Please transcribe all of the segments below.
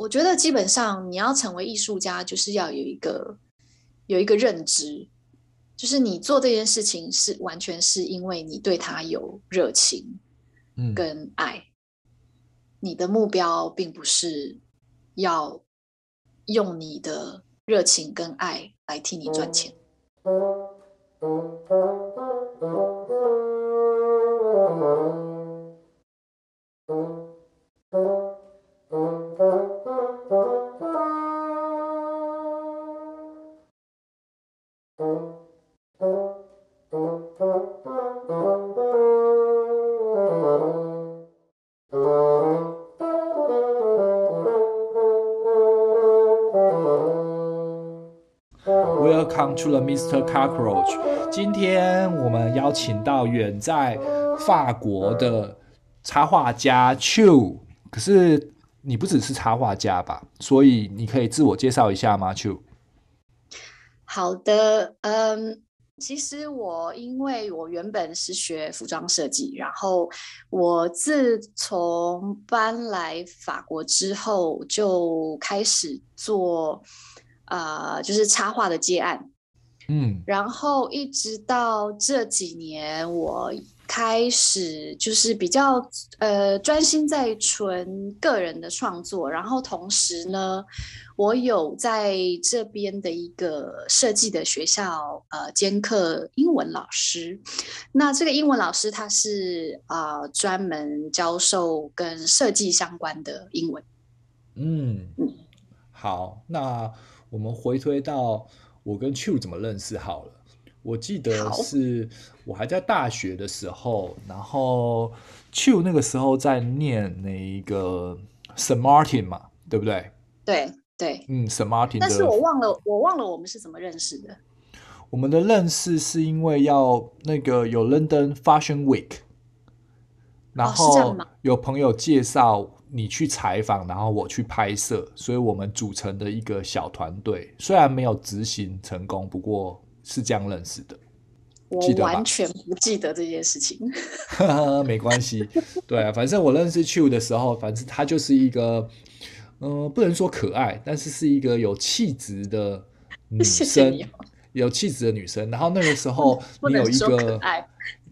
我覺得基本上你要成為藝術家，就是要有一個有一個認知，就是你做這件事情是完全是因為你對他有熱情，跟愛。嗯，你的目標並不是要用你的熱情跟愛來替你賺錢。出了《Mr. Cockroach》，今天我們邀請到遠在法國的插畫家 Chu，可是你不只是插畫家吧？所以你可以自我介紹一下嗎，Chu？好的，嗯，其實我因為我原本是學服裝設計，然後我自從搬來法國之後就開始做啊、呃，就是插畫的接案。嗯，然後一直到這幾年，我開始就是比較呃專心在純個人的創作，然後同時呢，我有在這邊的一個設計的學校呃兼課英文老師。那這個英文老師他是啊專門教授跟設計相關的英文。嗯，好，那我們回推到。我跟 Chu 怎麼認識好了？我記得是我還在大學的時候，然後 Chu 那個時候在念那一個 St. Martin 嘛，對不對？對對，嗯 St. Martin。但是我忘了，我忘了我們是怎麼認識的。我們的認識是因為要那個有 London Fashion Week，然後有朋友介紹，你去採訪，然後我去拍攝，所以我們組成的一個小團隊，雖然沒有執行成功，不過是這樣認識的。記得？我完全不記得這件事情。 沒關係，對啊，反正我認識 Chu 的時候，反正她就是一個，嗯、呃，不能說可愛，但是是一個有氣質的女生，謝謝哦、有氣質的女生。然後那個時候你有一個。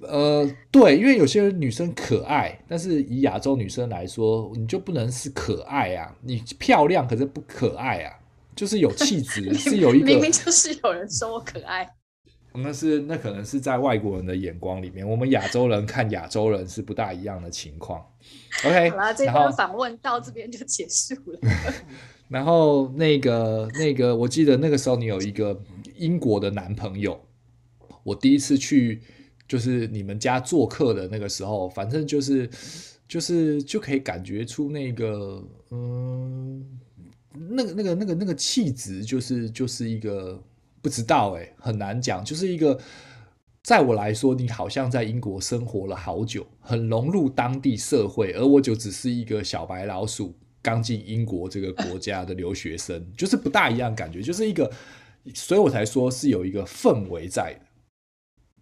呃，對，因為有些女生可愛，但是以亞洲女生來說，你就不能是可愛啊，你漂亮可是不可愛啊，就是有氣質，是有一個，明明就是有人說我可愛，那是那可能是在外國人的眼光裡面，我們亞洲人看亞洲人是不大一樣的情況。 OK，好了，這一段訪問到這邊就結束了。 然後那個那個，我記得那個時候你有一個英國的男朋友，我第一次去。就是你們家做客的那個時候，反正就是，就是就可以感覺出那個，嗯，那個那個那個那個氣質，就是就是一個，不知道哎，很難講，就是一個，在我來說，你好像在英國生活了好久，很融入當地社會，而我就只是一個小白老鼠，剛進英國這個國家的留學生， 就是不大一樣感覺，就是一個，所以我才說是有一個氛圍在的。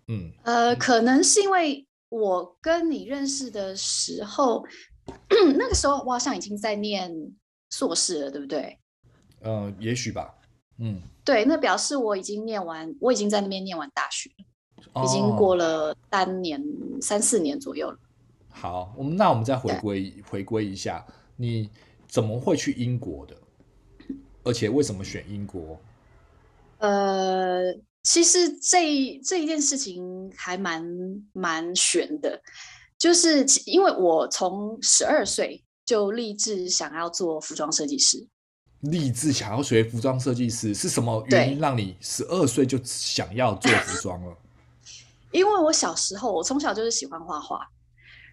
嗯，呃，可能是因為我跟你認識的時候， 那個時候我好像已經在念碩士了，對不對？呃，也許吧，嗯，對，那表示我已經念完，我已經在那邊念完大學，哦，已經過了三年，三四年左右了。好，我們那我們再回歸回歸一下，你怎麼會去英國的？而且為什麼選英國？呃。其實這這一件事情還蠻蠻玄的，就是因為我從十二歲就立志想要做服裝設計師，立志想要學服裝設計師。是什麼原因讓你十二歲就想要做服裝了？ 因為我小時候我從小就是喜歡畫畫，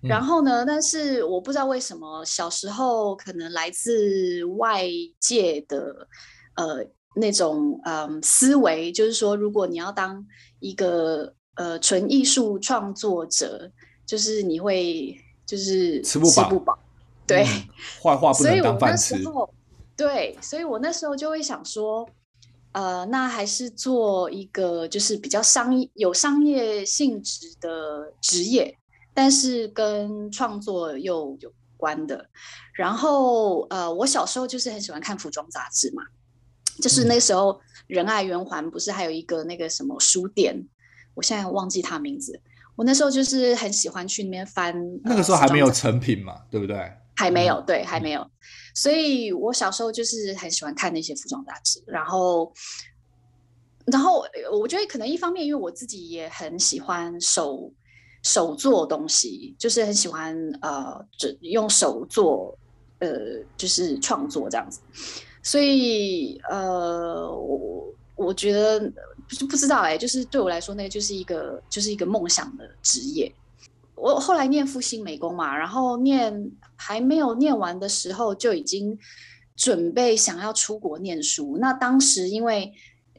然後呢，嗯、但是我不知道為什麼小時候可能來自外界的呃。那種嗯、呃、思維，就是說，如果你要當一個呃純藝術創作者，就是你會就是吃不飽，對，壞、嗯、話不能當飯吃。對，所以我那時候，對，所以我那時候就會想說，呃，那還是做一個就是比較商有商業性質的職業，但是跟創作又有關的。然後呃，我小時候就是很喜歡看服裝雜誌嘛。就是那時候，仁愛圓環不是還有一個那個什麼書店？我現在忘記他名字。我那時候就是很喜歡去那邊翻。那個時候還沒有成品嘛，對不對？還沒有、嗯，對，還沒有。所以我小時候就是很喜歡看那些服裝雜誌，然後，然後我覺得可能一方面因為我自己也很喜歡手手做東西，就是很喜歡呃，就用手做，呃，就是創作這樣子。所以，呃，我我覺得就不知道哎、欸，就是對我來說，那就是一個就是一個夢想的職業。我後來念復興美工嘛，然後念還沒有念完的時候，就已經準備想要出國念書。那當時因為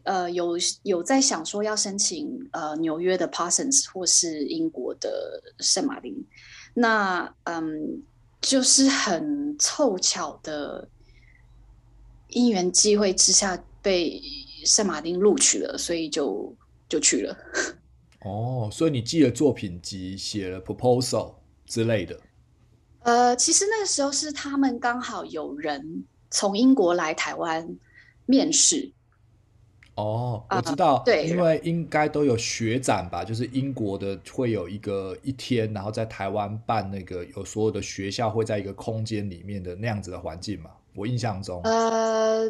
呃有有在想說要申請呃紐約的 Parsons 或是英國的聖馬丁，那嗯就是很湊巧的。因緣際會之下被聖馬丁錄取了，所以就就去了。哦，所以你寄了作品集，寫了 proposal 之類的。呃，其實那個時候是他們剛好有人從英國來台灣面試。哦，我知道，呃、對，因為應該都有學展吧，就是英國的會有一個一天，然後在台灣辦那個有所有的學校會在一個空間裡面的那樣子的環境嘛。我印象中，呃，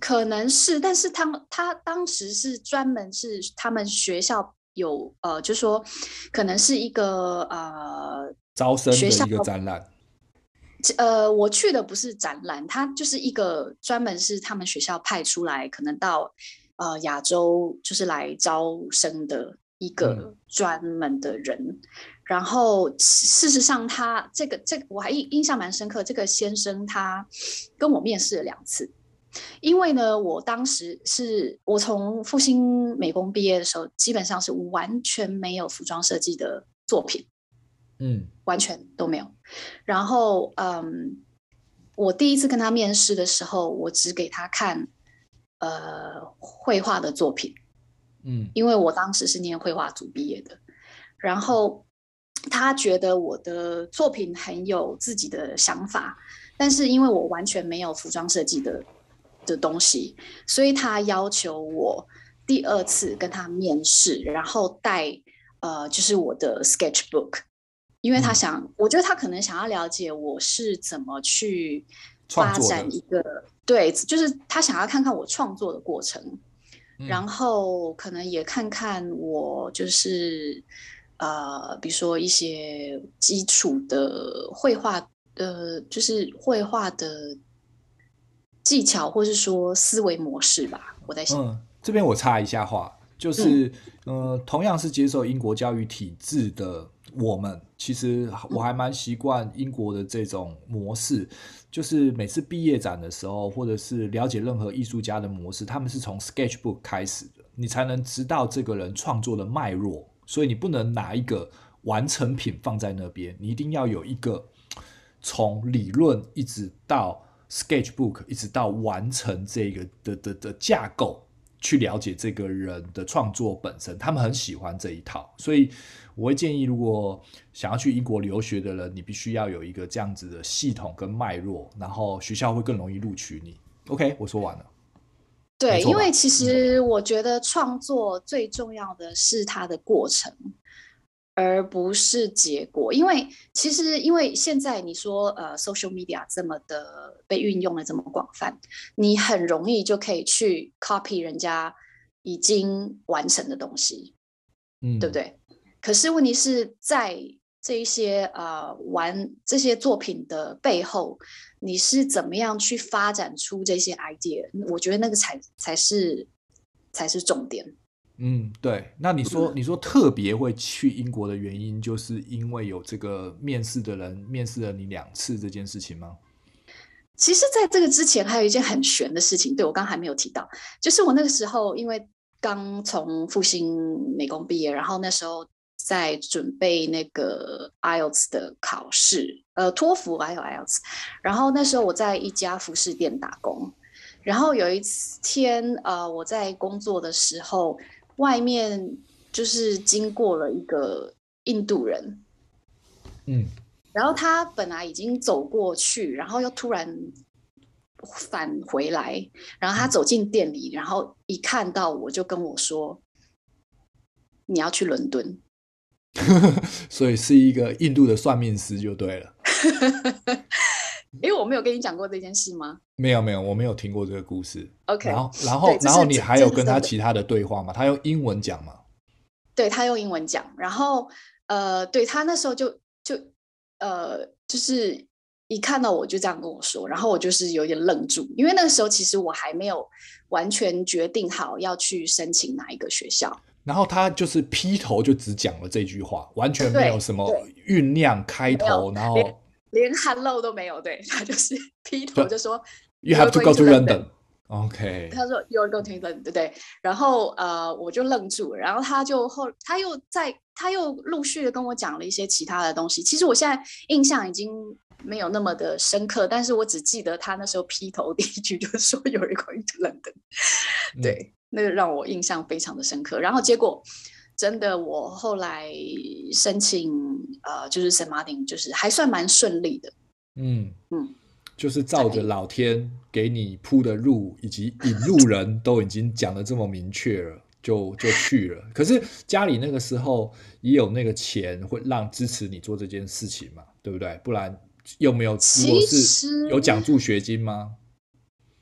可能是，但是他他當時是專門是他們學校有呃，就是說可能是一個呃招生學校一個展覽，呃，我去的不是展覽，他就是一個專門是他們學校派出來，可能到呃亞洲就是來招生的一個專門的人。嗯然後，事實上，他這個這個我還印印象蠻深刻。這個先生他跟我面試了兩次，因為呢，我當時是我從復興美工畢業的時候，基本上是完全沒有服裝設計的作品，嗯，完全都沒有。然後，嗯，我第一次跟他面試的時候，我只給他看呃繪畫的作品，嗯，因為我當時是念繪畫組畢業的，然後。他覺得我的作品很有自己的想法，但是因為我完全沒有服裝設計的的東西，所以他要求我第二次跟他面試，然後帶呃就是我的 sketchbook，因為他想，嗯，我覺得他可能想要了解我是怎麼去發展一個，對，就是他想要看看我創作的過程，然後可能也看看我就是。嗯啊、呃，比如說一些基礎的繪畫，呃，就是繪畫的技巧，或是說思維模式吧。我在想，嗯，這邊我插一下話，就是、嗯，呃，同樣是接受英國教育體制的我們，其實我還蠻習慣英國的這種模式，嗯、就是每次畢業展的時候，或者是了解任何藝術家的模式，他們是從 sketchbook 開始的，你才能知道這個人創作的脈絡。所以你不能拿一個完成品放在那邊，你一定要有一個從理論一直到 sketchbook，一直到完成這個的的的架構，去了解這個人的創作本身。他們很喜歡這一套，所以我會建議，如果想要去英國留學的人，你必須要有一個這樣子的系統跟脈絡，然後學校會更容易錄取你。OK，我說完了。對，因為其實我覺得創作最重要的是它的過程，而不是結果。因為其實，因為現在你說，呃，social media 這麼的被運用的這麼廣泛，你很容易就可以去 copy 人家已經完成的東西，嗯，對不對？可是問題是在。這一些啊、呃，玩這些作品的背後，你是怎麼樣去發展出這些 idea？我覺得那個才才是才是重點。嗯，對。那你說，你說特別會去英國的原因，就是因為有這個面試的人面試了你兩次這件事情嗎？其實，在這個之前，還有一件很玄的事情，對，我剛還沒有提到，就是我那個時候因為剛從復興美工畢業，然後那時候。在準備那個 IELTS 的考試，呃，托福 IELTS，然後那時候我在一家服飾店打工，然後有一天呃我在工作的時候，外面就是經過了一個印度人，嗯，然後他本來已經走過去，然後又突然返回來，然後他走進店裡，然後一看到我就跟我說，你要去倫敦。 所以是一個印度的算命師就對了。因 為、欸，我沒有跟你講過這件事嗎？沒有沒有，我沒有聽過這個故事。OK，然後然後，就是，然後你還有跟他其他的對話嗎？他用英文講嗎？對，他用英文講，然後呃，對他那時候就就呃，就是一看到我就這樣跟我說，然後我就是有點愣住，因為那個時候其實我還沒有完全決定好要去申請哪一個學校。然後他就是劈頭就只講了這句話，完全沒有什麼醞釀開頭，然後連，連 Hello 都沒有。對，他就是劈頭就說，So You have to go to London. OK，，嗯，他說 You're going to London，對不對？然後呃，我就愣住。然後他就後，他又在，他又陸續地跟我講了一些其他的東西。其實我現在印象已經沒有那麼的深刻，但是我只記得他那時候劈頭第一句就是說 You're going to London，對。對那個讓我印象非常的深刻。然後結果真的，我後來申請呃，就是聖馬丁，就是還算蠻順利的。嗯嗯，就是照着老天給你鋪的路，以及引路人都已經講得這麼明確了， 就就去了。可是家裡那個時候也有那個錢，會讓支持你做這件事情嘛？對不對？不然又沒有。支持。有獎助學金嗎？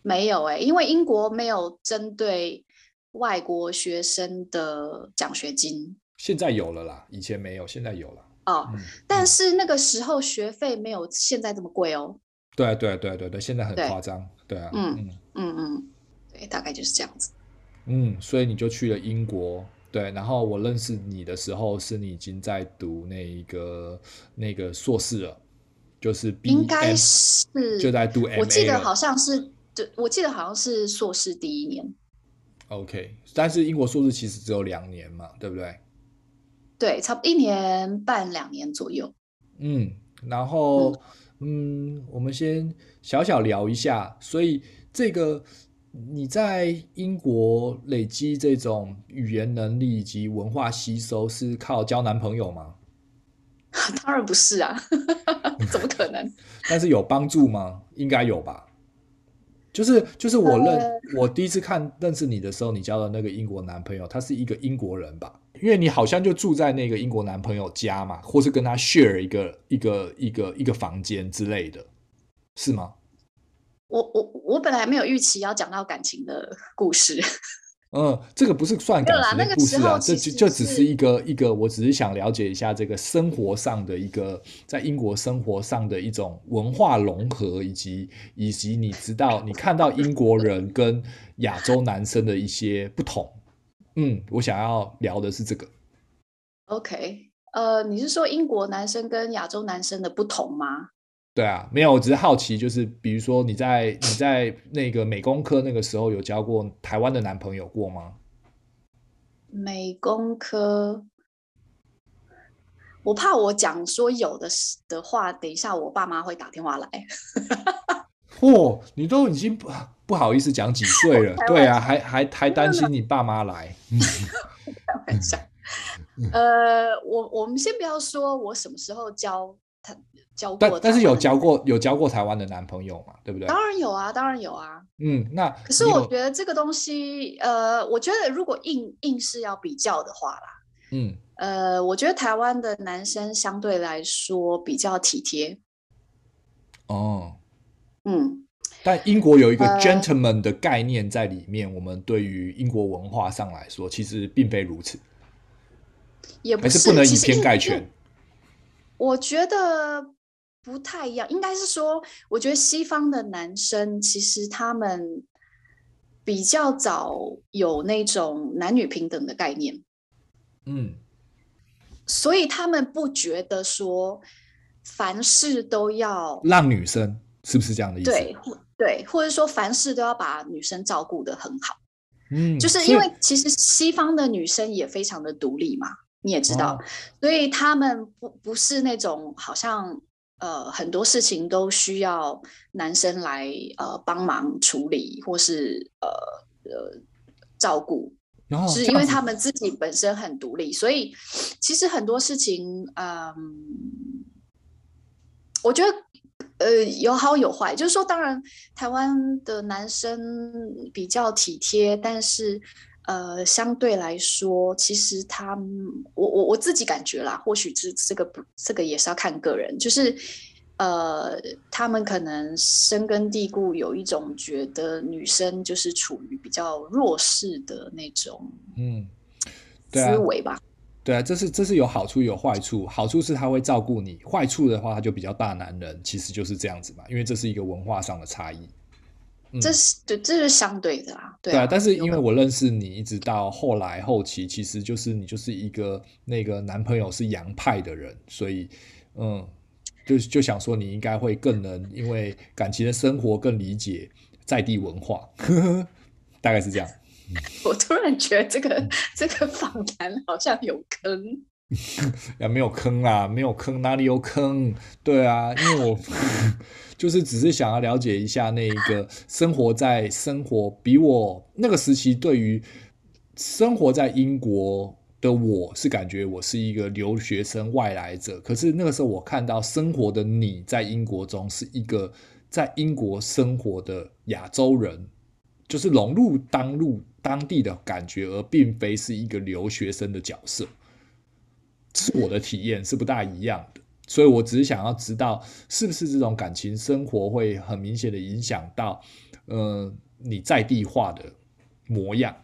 沒有哎、欸，因為英國沒有針對。外國學生的獎學金現在有了啦，以前沒有，現在有了哦、嗯。但是那個時候學費沒有現在這麼貴哦。對啊對啊對啊對對、啊，現在很誇張，對，對啊，嗯嗯嗯嗯，對，大概就是這樣子。嗯，所以你就去了英國，對。然後我認識你的時候，是你已經在讀那一個那個碩士了，就是比。應該是就在讀，我記得好像是，就我記得好像是碩士第一年。OK，但是英國碩士其實只有兩年嘛，對不對？對，差不多一年半兩年左右。嗯，然後嗯，嗯，我們先小小聊一下。所以這個你在英國累積這種語言能力以及文化吸收，是靠交男朋友嗎？當然不是啊， 怎麼可能？ 但是有幫助嗎？應該有吧。就是就是我認，嗯、我第一次看認識你的時候，你交的那個英國男朋友，他是一個英國人吧？因為你好像就住在那個英國男朋友家嘛，或是跟他 share 一個一個一個一個房間之類的，是嗎？我我我本來沒有預期要講到感情的故事。嗯，這個不是算感情的故事啊，那個、這就就只是一個一個，我只是想了解一下這個生活上的一個，在英國生活上的一種文化融合，以及以及你知道你看到英國人跟亞洲男生的一些不同。 嗯，我想要聊的是這個。OK，呃，你是說英國男生跟亞洲男生的不同嗎？對啊，沒有，我只是好奇，就是比如說你在你在那個美工科那個時候有交過台灣的男朋友過嗎？美工科，我怕我講說有的的話，等一下我爸媽會打電話來。嚯、 哦，你都已經不好意思講幾歲了，對啊，還還還擔心你爸媽來。 嗯嗯嗯、呃，我我們先不要說，我什麼時候交但，但是有交過有交過台灣的男朋友嘛？對不對？當然有啊，當然有啊。嗯，那可是我覺得這個東西，呃，我覺得如果硬硬是要比較的話啦，嗯，呃，我覺得台灣的男生相對來說比較體貼。哦，嗯，但英國有一個 gentleman 的概念在裡面，呃，在裡面我們對於英國文化上來說，其實並非如此，也不是，還是不能以偏概全。我覺得。不太一樣，應該是說，我覺得西方的男生其實他們比較早有那種男女平等的概念，嗯，所以他們不覺得說凡事都要讓女生，是不是這樣的意思？對，對，或者說凡事都要把女生照顧得很好，嗯，就是因為其實西方的女生也非常的獨立嘛，你也知道，哦、所以他們不不是那種好像。呃，很多事情都需要男生來呃幫忙處理，或是呃呃照顧，然、no, 後是因為他們自己本身很獨立，所以其實很多事情，嗯、呃，我覺得呃有好有壞，就是說，當然台灣的男生比較體貼，但是。呃，相對來說，其實他，我我我自己感覺啦，或許這這個不，這個也是要看個人，就是，呃，他們可能深根蒂固有一種覺得女生就是處於比較弱勢的那種，嗯，思維吧，對啊，這是這是有好處有壞處，好處是他會照顧你，壞處的話他就比較大男人，其實就是這樣子嘛，因為這是一個文化上的差異。嗯、這是對，這是相對的啦，對啊。對啊，但是因為我認識你，一直到後來後期，其實就是你就是一個那個男朋友是洋派的人，所以，嗯，就就想說你應該會更能因為感情的生活更理解在地文化，呵呵大概是這樣、嗯。我突然覺得這個、嗯、這個訪談好像有坑。啊， 沒有坑啦、啊，沒有坑，哪裡有坑？對啊，因為我。 就是只是想要了解一下，那一個生活在生活比我那個時期對於生活在英國的我，是感覺我是一個留學生外來者，可是那個時候我看到生活的你在英國中是一個在英國生活的亞洲人，就是融入當入當地的感覺，而並非是一個留學生的角色，是我的體驗是不大一樣的。所以，我只是想要知道，是不是這種感情生活會很明顯的影響到，嗯、呃，你在地化的模樣？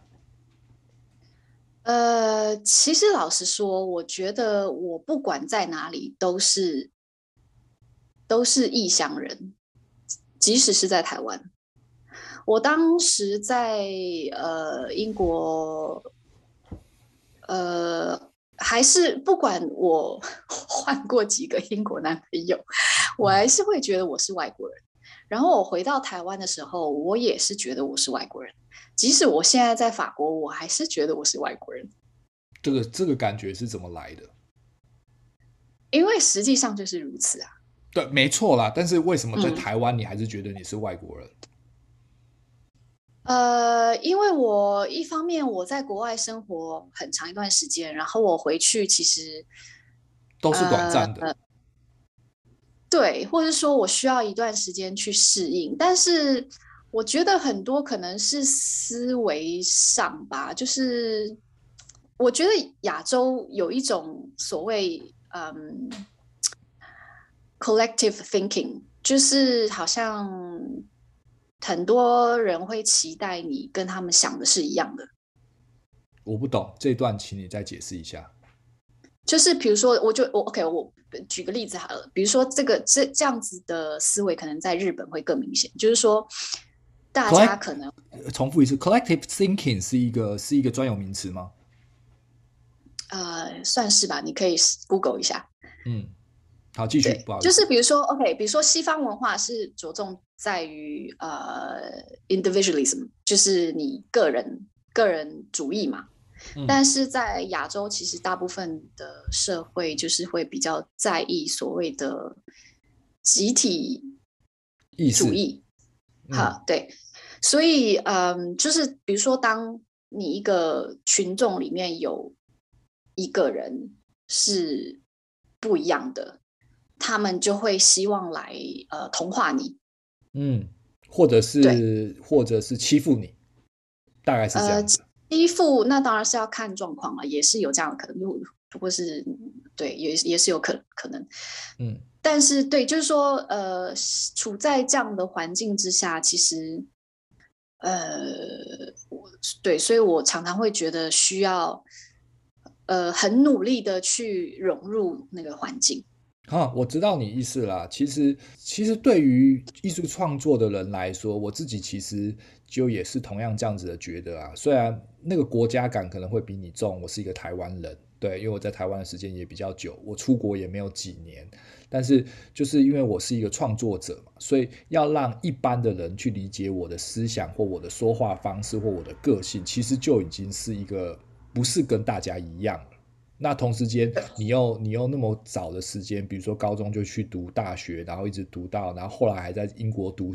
呃，其實老實說，我覺得我不管在哪裡都是都是異鄉人，即使是在台灣。我當時在呃英國，呃。還是不管我換過幾個英國男朋友，我還是會覺得我是外國人。然後我回到台灣的時候，我也是覺得我是外國人。即使我現在在法國，我還是覺得我是外國人。這個這個感覺是怎麼來的？因為實際上就是如此啊。對，沒錯啦。但是為什麼在台灣你還是覺得你是外國人？嗯。呃，因為我一方面我在國外生活很長一段時間，然後我回去其實都是短暫的、呃，對，或者說我需要一段時間去適應。但是我覺得很多可能是思維上吧，就是我覺得亞洲有一種所謂嗯，collective thinking，就是好像。很多人會期待你跟他們想的是一樣的。我不懂這一段，請你再解釋一下。就是比如說，我就我 OK，我舉個例子好了。比如說這個這這樣子的思維，可能在日本會更明顯。就是說，大家可能、Colle、重複一次，collective thinking 是一個是一個專有名詞嗎？呃，算是吧，你可以 Google 一下。嗯，好，繼續不好意思。就是比如說 OK，比如說西方文化是着重。在於呃，individualism，就是你個人個人主義嘛。嗯、但是在亞洲，其實大部分的社會就是會比較在意所謂的集體主義、嗯。哈，對，所以嗯、呃，就是比如說，當你一個群眾裡面有一個人是不一樣的，他們就會希望來呃，同化你。嗯，或者是，或者是欺負你，大概是這樣子。呃，欺負，那當然是要看狀況了，也是有這樣的可能，不過是對，也也是有可可能。嗯，但是對，就是說，呃，處在這樣的環境之下，其實，呃，對，所以我常常會覺得需要，呃，很努力的去融入那個環境。好、啊、我知道你意思啦。其實，其實對於藝術創作的人來說，我自己其實就也是同樣這樣子的覺得啊。雖然那個國家感可能會比你重，我是一個台灣人，對，因為我在台灣的時間也比較久，我出國也沒有幾年。但是，就是因為我是一個創作者嘛，所以要讓一般的人去理解我的思想或我的說話方式或我的個性，其實就已經是一個不是跟大家一樣。那同時間，你又你又那麼早的時間，比如說高中就去讀大學，然後一直讀到，然後後來還在英國讀，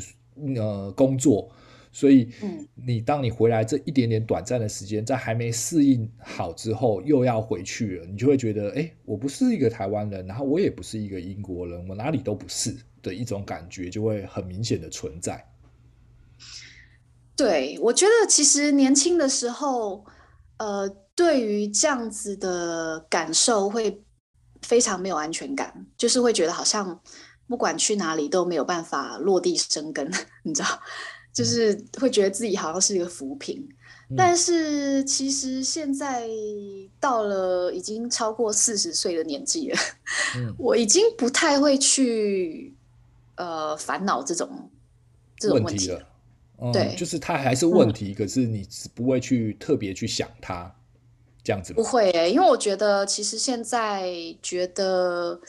呃，工作，所以，你當你回來這一點點短暫的時間，在還沒適應好之後，又要回去了，你就會覺得，哎，我不是一個台灣人，然後我也不是一個英國人，我哪裡都不是的一種感覺，就會很明顯的存在。對，我覺得其實年輕的時候。呃，對於這樣子的感受會非常沒有安全感，就是會覺得好像不管去哪裡都沒有辦法落地生根，你知道？就是會覺得自己好像是一個浮萍。但是其實現在到了已經超過四十歲的年紀了，我已經不太會去呃煩惱這種這種問題了。嗯、對，就是他還是問題，嗯、可是你不會去特別去想他。這樣子不會、欸、因為我覺得其實現在覺得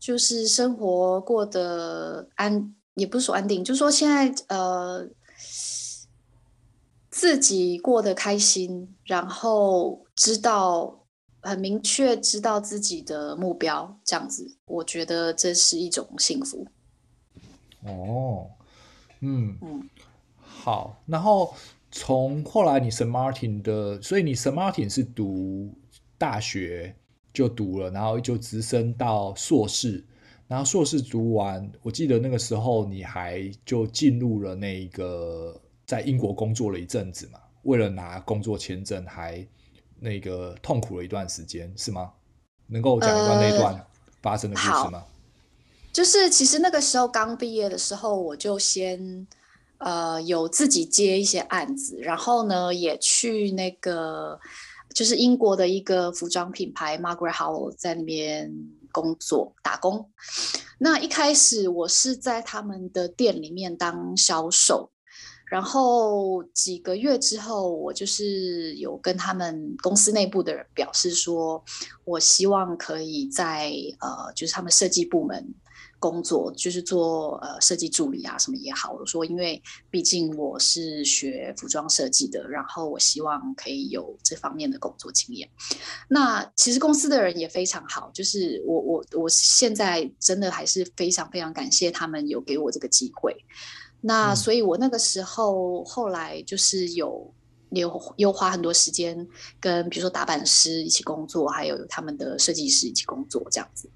就是生活過得安，也不是說安定，就是說現在呃自己過得開心，然後知道很明確知道自己的目標，這樣子，我覺得這是一種幸福。哦，嗯嗯。好，然後從後來你 Saint Martin 的，所以你 Saint Martin 是讀大學就讀了，然後就直升到碩士，然後碩士讀完，我記得那個時候你還就進入了那個在英國工作了一陣子嘛，為了拿工作簽證還那個痛苦了一段時間，是嗎？能夠講一段那一段發生的故事嗎？呃，就是其實那個時候剛畢業的時候，我就先。呃，有自己接一些案子，然後呢，也去那個就是英國的一個服裝品牌 Margaret Howell 在那邊工作打工。那一開始我是在他們的店裡面當銷售，然後幾個月之後，我就是有跟他們公司內部的人表示說，我希望可以在呃，就是他們設計部門。工作，就是做呃設計助理啊、什麼也好，我說因為畢竟我是學服裝設計的，然後我希望可以有這方面的工作經驗。那其實公司的人也非常好，就是我我我現在真的還是非常非常感謝他們有給我這個機會。那所以我那個時候後來就是有有又花很多時間跟比如說打板師一起工作，還有他們的設計師一起工作這樣子。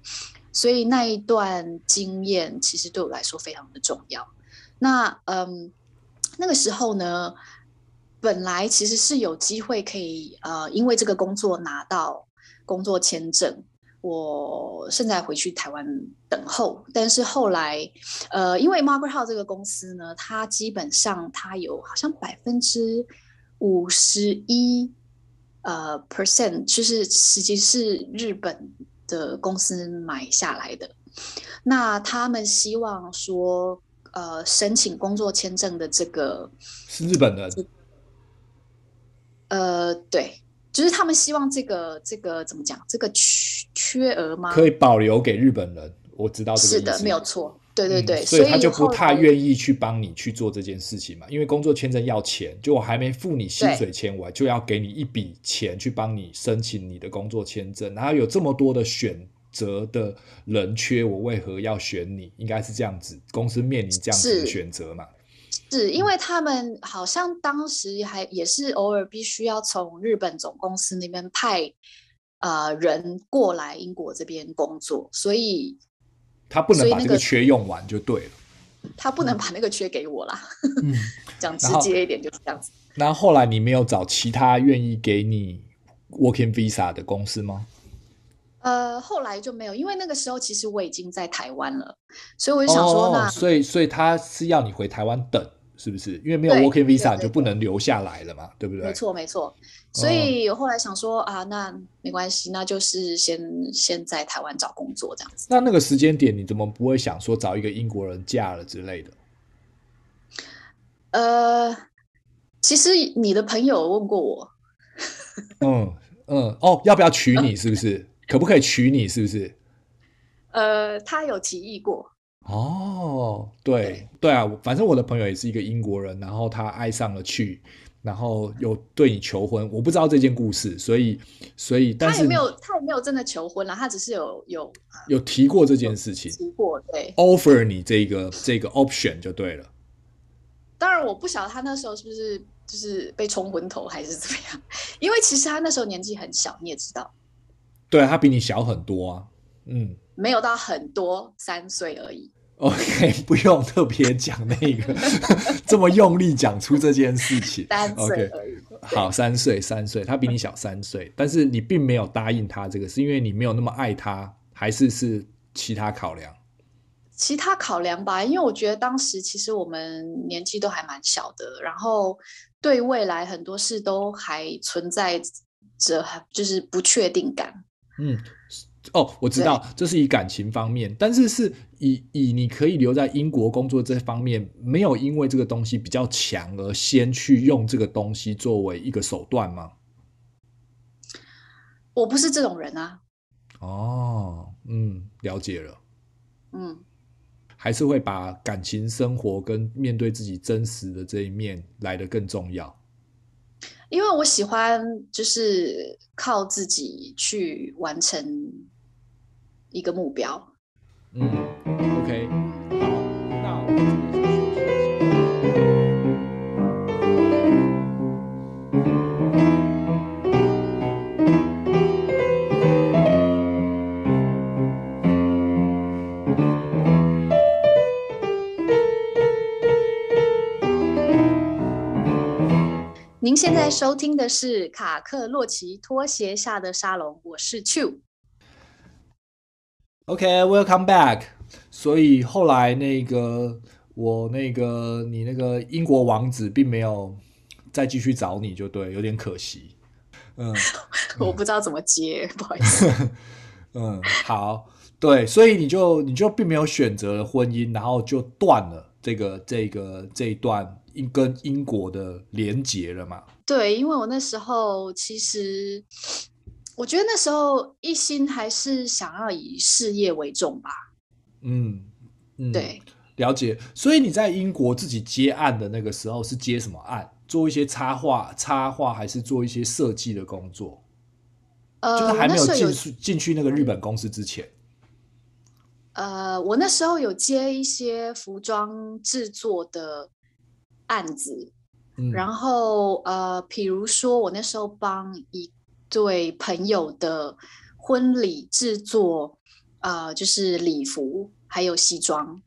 所以那一段經驗其實對我來說非常的重要。那嗯，那個時候呢，本來其實是有機會可以呃，因為這個工作拿到工作簽證，我現在回去台灣等候。但是後來呃，因為 Margaret Howell 這個公司呢，它基本上它有好像百分之五十一呃 percent，就是實際是日本。的公司買下來的，那他們希望說，呃，申請工作簽證的這個是日本人，呃，對，就是他們希望這個這個怎麼講，這個缺缺額嗎？可以保留給日本人，我知道這個是的，沒有錯。對對對、嗯，所以他就不太願意去幫你去做這件事情嘛，因為工作簽證要錢，就我還沒付你薪水錢，我就要給你一筆錢去幫你申請你的工作簽證，然後有這麼多的選擇的人缺，我為何要選你？應該是這樣子，公司面臨這樣子的選擇嘛。是，是因為他們好像當時還也是偶爾必須要從日本總公司那邊派啊、呃、人過來英國這邊工作，所以。他不能把這個缺用完就對了，那個嗯、他不能把那個缺給我啦，講、嗯、 直接一點就是這樣子。那後,後,後來你沒有找其他願意給你 working visa 的公司嗎？呃，後來就沒有，因為那個時候其實我已經在台灣了，所以我就想說那、哦，所以所以他是要你回台灣等。是不是因為沒有 Working Visa 你就不能留下來了嘛？對，對，對，對，對不對？沒錯沒錯，所以我後來想說、哦、啊，那沒關係，那就是先先在台灣找工作這樣子。那那個時間點，你怎麼不會想說找一個英國人嫁了之類的？呃，其實你的朋友問過我。嗯嗯，哦，要不要娶你？是不是？ 可不可以娶你？是不是？呃，他有提議過。哦，對對,對啊，反正我的朋友也是一個英國人，然後他愛上了去，然後又對你求婚。我不知道這件故事，所以所以，有有但是他也沒有他也沒有真的求婚了，他只是有有有提過這件事情，提過對，offer 你這個、嗯、這個 option 就對了。當然，我不曉得他那時候是不是就是被沖昏頭還是怎麼樣，因為其實他那時候年紀很小，你也知道，對、啊、他比你小很多啊，嗯，沒有到很多，三歲而已。OK，不用特別講那個 這麼用力講出這件事情。三 歲而已，okay. 好，三歲，三歲，他比你小三歲， 但是你並沒有答應他這個是，是因為你沒有那麼愛他，還是是其他考量？其他考量吧，因為我覺得當時其實我們年紀都還蠻小的，然後對未來很多事都還存在着就是不確定感。嗯。哦，我知道，這是以感情方面，但是是以，以你可以留在英國工作這方面，沒有因為這個東西比較強而先去用這個東西作為一個手段嗎？我不是這種人啊。哦，嗯，了解了。嗯，還是會把感情生活跟面對自己真實的這一面來得更重要。因為我喜歡就是靠自己去完成一個目標。嗯，OK，好，那我們繼續。您現在收聽的是《卡客落奇拖鞋下的沙龍》，我是 Chu。OK，welcome back。所以後來那個我那個你那個英國王子並沒有再繼續找你就對，有點可惜。嗯， 我不知道怎麼接，不好意思。 嗯，好，對，所以你就你就並沒有選擇婚姻，然後就斷了這個這個這一段跟英國的連結了嘛？對，因為我那時候其實。我覺得那時候一心還是想要以事業為重吧，嗯。嗯，對，了解。所以你在英國自己接案的那個時候是接什麼案？做一些插畫，插畫還是做一些設計的工作？呃，就是還沒有進，我那時候有進去那個日本公司之前。呃，我那時候有接一些服裝製作的案子，嗯、然後呃，比如說我那時候幫一個。對朋友的婚禮製作，呃，就是禮服還有西裝。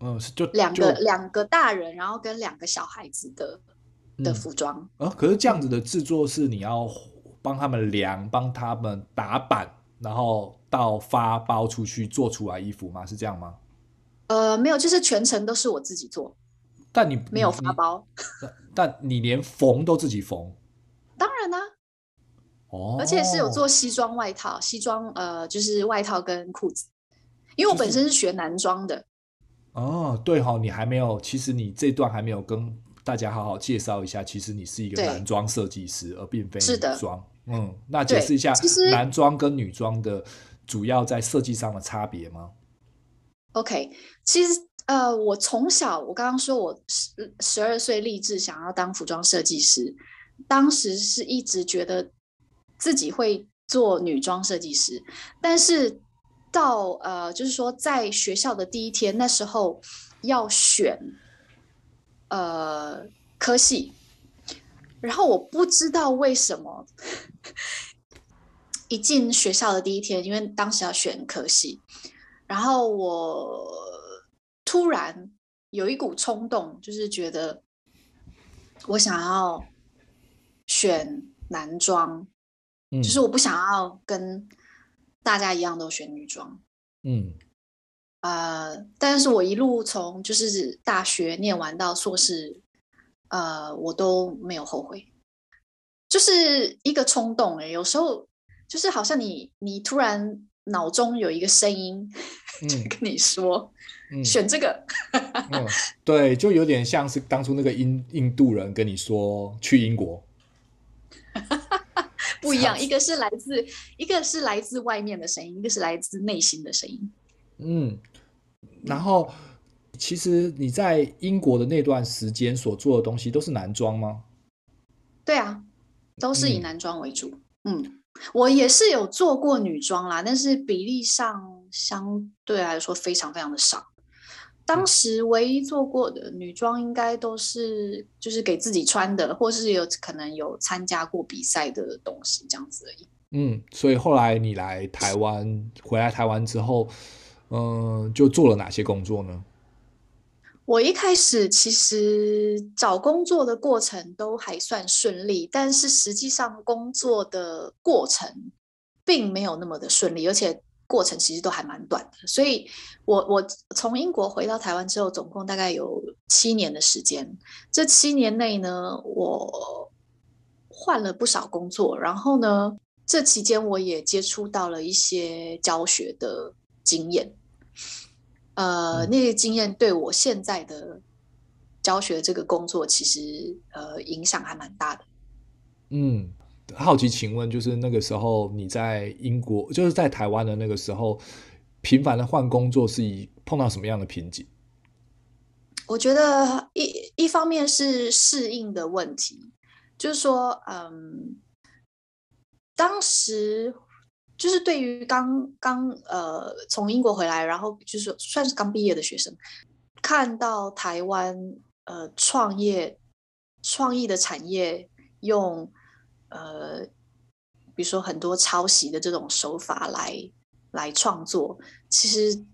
嗯，是，就兩個兩個大人，然後跟兩個小孩子的、嗯、的服裝。啊、呃，可是這樣子的製作是你要幫他們量，幫、嗯、他們打版，然後到發包出去做出來衣服嗎？是這樣嗎？呃，沒有，就是全程都是我自己做。但你沒有發包。你，但你連縫都自己縫？ 當然啦、啊。哦，而且是有做西裝外套、哦、西裝呃，就是外套跟褲子，因為我本身是學男裝的、就是。哦，對哦、哦，你還沒有，其實你這段還沒有跟大家好好介紹一下，其實你是一個男裝設計師，而並非女裝。是的。嗯，那解釋一下，其實男裝跟女裝的主要在設計上的差別嗎其？OK，其實呃，我從小我剛剛說，我十十二歲立志想要當服裝設計師，當時是一直覺得。自己會做女裝設計師，但是到呃，就是說在學校的第一天，那時候要選呃科系，然後我不知道為什麼 一進學校的第一天，因為當時要選科系，然後我突然有一股衝動，就是覺得我想要選男裝。就是我不想要跟大家一樣都選女裝，嗯，呃，但是我一路從就是大學念完到碩士，呃，我都沒有後悔，就是一個衝動哎、欸，有時候就是好像你你突然腦中有一個聲音跟你說、嗯、選這個、 嗯，對，就有點像是當初那個印印度人跟你說去英國。 不一樣，一個是來自，一個是來自外面的聲音，一個是來自內心的聲音。嗯，然後其實你在英國的那段時間所做的東西都是男裝嗎？對啊，都是以男裝為主，嗯。嗯，我也是有做過女裝啦，嗯，但是比例上相對來說非常非常的少。當時唯一做過的女裝，應該都是就是給自己穿的，或是有可能有參加過比賽的東西這樣子而已。嗯，所以後來你來台灣，回來台灣之後，嗯、呃，就做了哪些工作呢？我一開始其實找工作的過程都還算順利，但是實際上工作的過程並沒有那麼的順利，而且。過程其實都還蠻短的，所以我，我我從英國回到台灣之後，總共大概有七年的時間。這七年內呢，我換了不少工作，然後呢，這期間我也接觸到了一些教學的經驗，呃，嗯，那些、個，經驗對我現在的教學這個工作其實，呃，影響還蠻大的。嗯。好，好奇，請問，就是那個時候你在英國，就是在台灣的那個時候，頻繁的換工作，是以碰到什麼樣的瓶頸？我覺得一一方面是適應的問題，就是說，嗯，當時就是對於剛剛呃從英國回來，然後就是算是剛畢業的學生，看到台灣呃創業創意的產業用。呃，比如說很多抄襲的這種手法來來創作，其實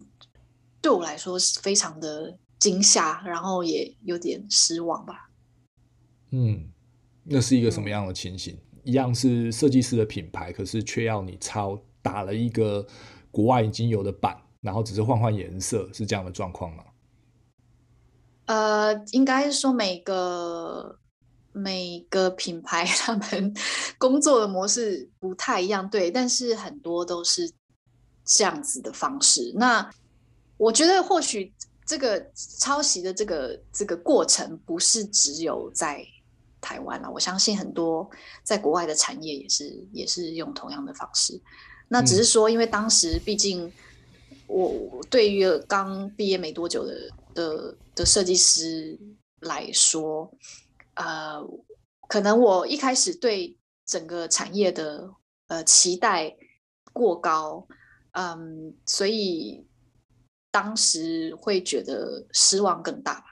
對我來說是非常的驚嚇，然後也有點失望吧。嗯，那是一個什麼樣的情形？嗯、一樣是設計師的品牌，可是卻要你抄，打了一個國外已經有的版，然後只是換換顏色，是這樣的狀況嗎？呃，應該是說每個。每個品牌他們工作的模式不太一樣，對，但是很多都是這樣子的方式。那我覺得，或許這個抄襲的這個這個過程，不是只有在台灣啦。我相信很多在國外的產業也是也是用同樣的方式。那只是說，因為當時畢竟我對於剛畢業沒多久的的的設計師來說。呃，可能我一開始對整個產業的呃期待過高，嗯，所以當時會覺得失望更大吧。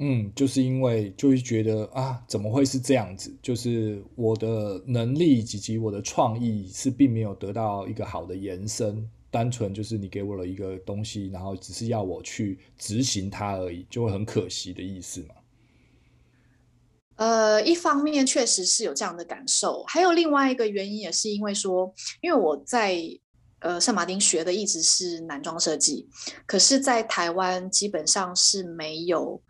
嗯，就是因為就是覺得啊，怎麼會是這樣子？就是我的能力以及我的創意是並沒有得到一個好的延伸，單純就是你給我了一個東西，然後只是要我去執行它而已，就會很可惜的意思嘛。呃，一方面確實是有這樣的感受，還有另外一個原因也是因為說，因為我在呃聖馬丁學的一直是男裝設計，可是，在台灣基本上是沒有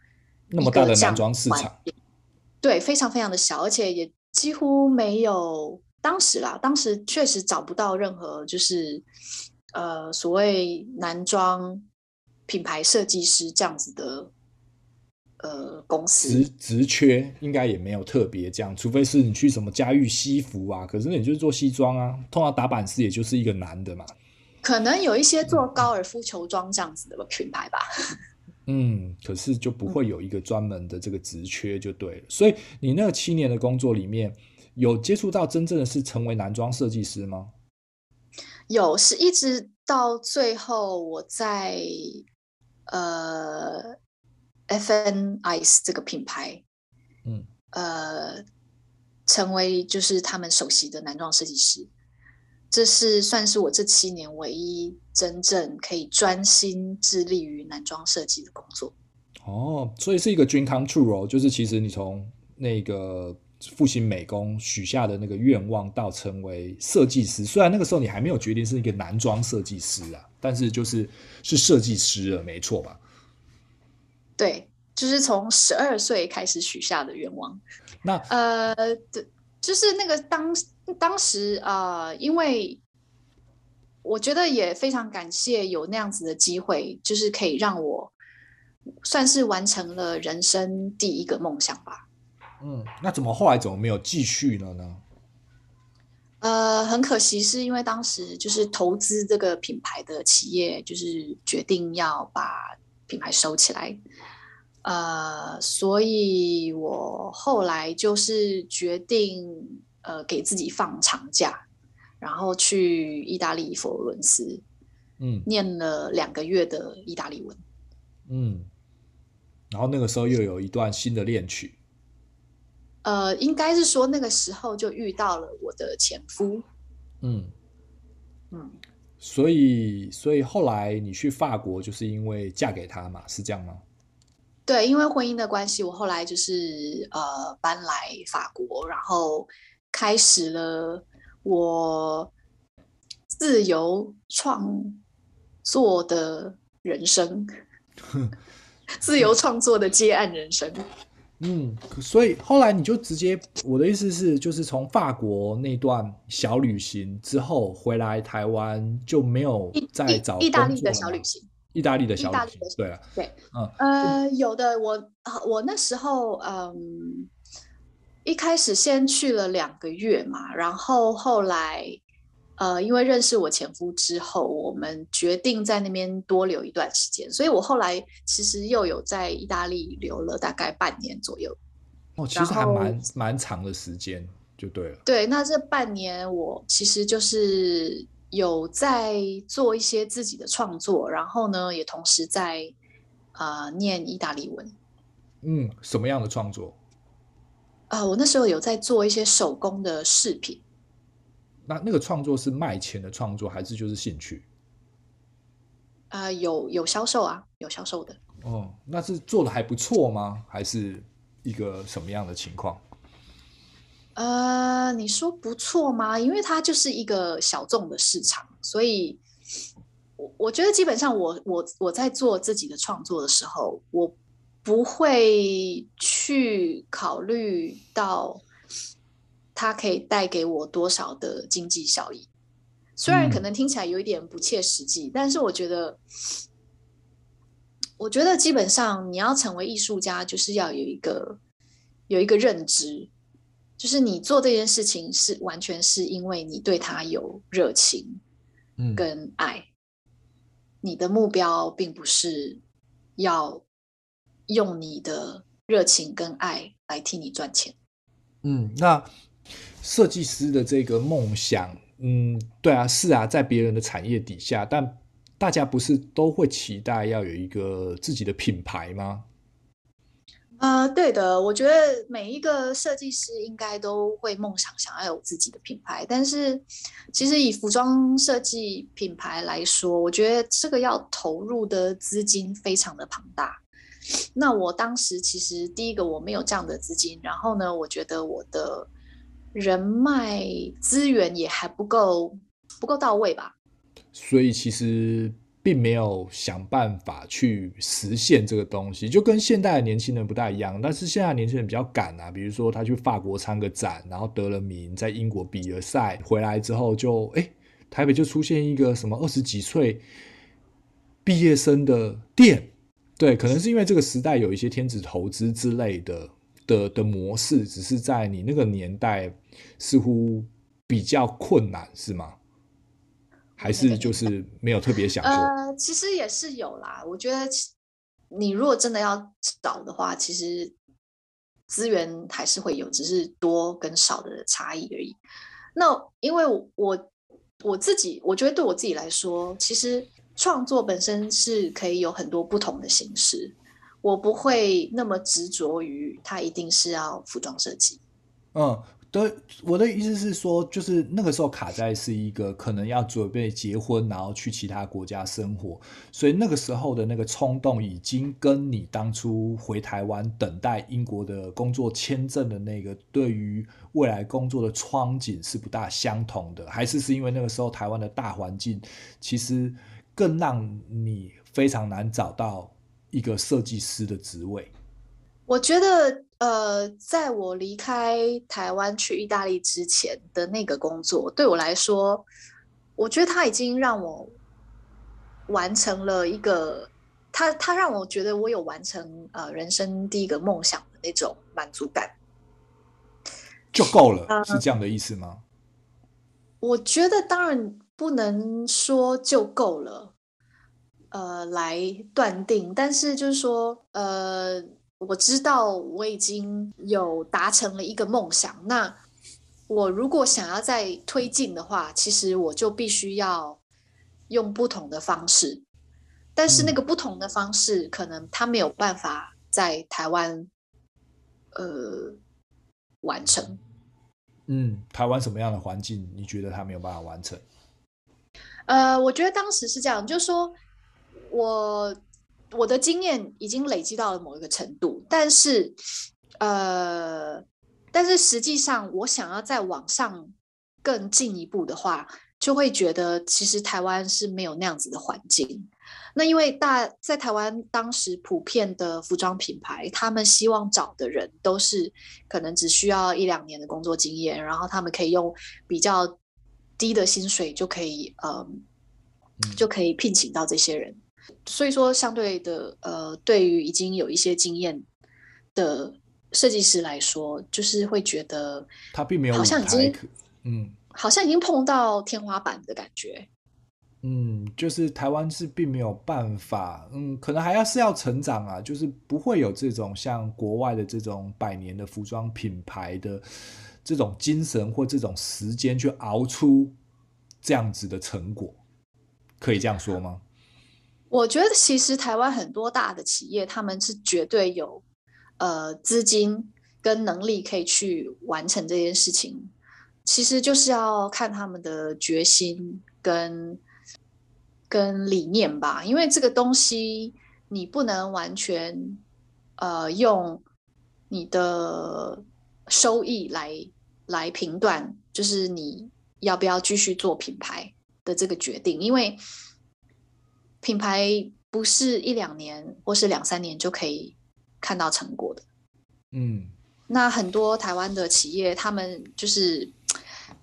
那麼大的男裝市場，對，非常非常的小，而且也幾乎沒有。當時啦，當時確實找不到任何就是呃所謂男裝品牌設計師這樣子的。呃，公司職職缺應該也沒有特別這樣，除非是你去什麼嘉裕西服啊，可是那也就是做西裝啊，通常打版師也就是一個男的嘛。可能有一些做高爾夫球裝這樣子的品牌吧。嗯， 嗯，可是就不會有一個專門的這個職缺就對了，嗯。所以你那七年的工作裡面有接觸到真正的是成為男裝設計師嗎？有，是一直到最後我在呃。F N Ice 這個品牌，嗯，呃，成為就是他們首席的男裝設計師，這是算是我這七年唯一真正可以專心致力於男裝設計的工作。嗯。呃嗯、哦，所以是一個 dream come true 哦，就是其實你從那個復興美工許下的那個願望到成為設計師，雖然那個時候你還沒有決定是一個男裝設計師啊，但是就是是設計師了，沒錯吧？對，就是從十二歲開始許下的願望。那呃，就是那個當當時啊，呃，因為我覺得也非常感謝有那樣子的機會，就是可以讓我算是完成了人生第一個夢想吧。嗯，那怎麼後來怎麼沒有繼續了呢？呃，很可惜，是因為當時就是投資這個品牌的企業，就是決定要把品牌收起來，呃，所以我後來就是決定，呃，給自己放長假，然後去意大利佛羅倫斯，嗯，念了兩個月的意大利文，嗯，然後那個時候又有一段新的戀曲，嗯，呃，應該是說那個時候就遇到了我的前夫，嗯，嗯。所以，所以後來你去法國，就是因為嫁給他嘛，是這樣嗎？對，因為婚姻的關係，我後來就是呃搬來法國，然後開始了我自由創作的人生， 自由創作的接案人生。嗯，所以後來你就直接，我的意思是，就是從法國那段小旅行之後回來台灣就沒有再找工作了，意意，意大利的小旅行，意大利的小旅行。對啊，對，嗯呃，有的我我那時候嗯，一開始先去了兩個月嘛，然後後來。呃，因為認識我前夫之後，我們決定在那邊多留一段時間，所以我後來其實又有在意大利留了大概半年左右。哦，其實還蠻蠻長的時間，就對了。對，那這半年我其實就是有在做一些自己的創作，然後呢，也同時在啊，呃，念意大利文。嗯，什麼樣的創作？啊，呃，我那時候有在做一些手工的飾品。那那個創作是賣錢的創作，還是就是興趣？呃，有有銷售啊，有銷售的。哦，那是做得還不錯嗎？還是一個什麼樣的情況？呃，你說不錯嗎？因為它就是一個小眾的市場，所以我我覺得基本上我我我在做自己的創作的時候，我不會去考慮到。它可以帶給我多少的經濟效益？雖然可能聽起來有一點不切實際，但是我覺得，我覺得基本上你要成為藝術家，就是要有一個有一個認知，就是你做這件事情是完全是因為你對他有熱情跟愛。你的目標並不是要用你的熱情跟愛來替你賺錢。嗯，那。設計師的這個夢想，嗯，對啊，是啊，在別人的產業底下，但大家不是都會期待要有一個自己的品牌嗎？啊、呃，對的，我覺得每一個設計師應該都會夢想想要有自己的品牌，但是其實以服裝設計品牌來說，我覺得這個要投入的資金非常的龐大。那我當時其實第一個我沒有這樣的資金，然後呢，我覺得我的。人脈資源也還不夠，不夠到位吧？所以其實並沒有想辦法去實現這個東西，就跟現代的年輕人不太一樣。但是現在年輕人比較敢啊，比如說他去法國參個展，然後得了名，在英國比了賽，回來之後就哎、欸，台北就出現一個什麼二十幾歲畢業生的店，對，可能是因為這個時代有一些天使投資之類的。的的模式，只是在你那個年代似乎比較困難，是嗎？還是就是沒有特別想說？呃，其實也是有啦。我覺得你如果真的要找的話，其實資源還是會有，只是多跟少的差異而已。那因為我我自己，我覺得對我自己來說，其實創作本身是可以有很多不同的形式。我不會那麼執着於他一定是要服裝設計。嗯，對，我的意思是說，就是那個時候卡在是一個可能要準備結婚，然後去其他國家生活，所以那個時候的那個衝動已經跟你當初回台灣等待英國的工作簽證的那個對於未來工作的憧憬是不大相同的，還是是因為那個時候台灣的大環境其實更讓你非常難找到？一個設計師的職位，我覺得，呃，在我離開台灣去意大利之前的那個工作，對我來說，我覺得他已經讓我完成了一個，他他讓我覺得我有完成呃人生第一個夢想的那種滿足感，就夠了，是這樣的意思嗎？嗯，我覺得當然不能說就夠了。呃，來斷定，但是就是說，呃，我知道我已經有達成了一個夢想。那我如果想要再推進的話，其實我就必須要用不同的方式。但是那個不同的方式，可能他沒有辦法在台灣，呃，完成。嗯，台灣什麼樣的環境？你覺得他沒有辦法完成？呃，我覺得當時是這樣，就是說，我我的經驗已經累積到了某一個程度，但是，呃，但是實際上我想要再往上更進一步的話，就會覺得其實台灣是沒有那樣子的環境。那因為大，在台灣當時普遍的服裝品牌，他們希望找的人都是可能只需要一兩年的工作經驗，然後他們可以用比較低的薪水就可以呃、嗯、就可以聘請到這些人。所以說，相對的，呃，對於已經有一些經驗的設計師來說，就是會覺得他並沒有，好像已經，嗯，好像已經碰到天花板的感覺。嗯，就是台灣是並沒有辦法，嗯，可能還要是要成長啊，就是不會有這種像國外的這種百年的服裝品牌的這種精神或這種時間去熬出這樣子的成果，可以這樣說嗎？啊我覺得其實台灣很多大的企業，他們是絕對有，呃，資金跟能力可以去完成這件事情。其實就是要看他們的決心跟跟理念吧，因為這個東西你不能完全，呃，用你的收益來來評斷，就是你要不要繼續做品牌的這個決定，因為，品牌不是一兩年，或是兩三年就可以看到成果的。嗯，那很多台灣的企業，他們就是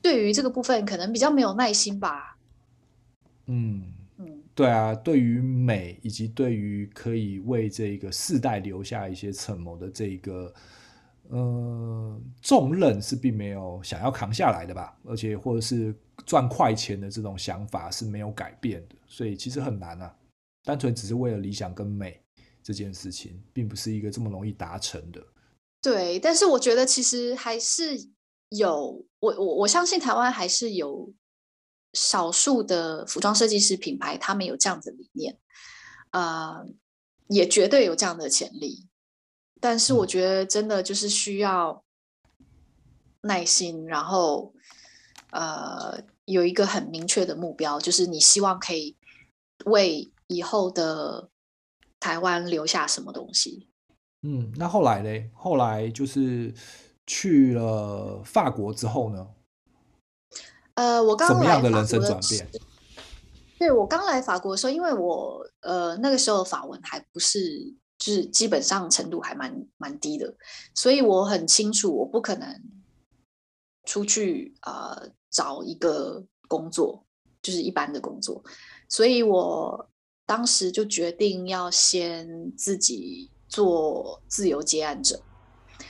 對於這個部分可能比較沒有耐心吧。嗯嗯，對啊，對於美以及對於可以為這個世代留下一些承謀的這一個。呃，重任是並沒有想要扛下來的吧，而且或者是賺快錢的這種想法是沒有改變的，所以其實很難啊。單純只是為了理想跟美這件事情，並不是一個這麼容易達成的。對，但是我覺得其實還是有，我我我相信台灣還是有少數的服裝設計師品牌，他們有這樣的理念啊，呃，也絕對有這樣的潛力。但是我覺得真的就是需要耐心，嗯、然後呃有一個很明確的目標，就是你希望可以為以後的台灣留下什麼東西。嗯，那後來呢？後來就是去了法國之後呢？呃，我剛怎麼樣的人生轉變？對，我剛來法國的時候，因為我呃那個時候的法文還不是。就是基本上程度還蠻蠻低的，所以我很清楚，我不可能出去啊、呃、找一個工作，就是一般的工作，所以我當時就決定要先自己做自由接案者，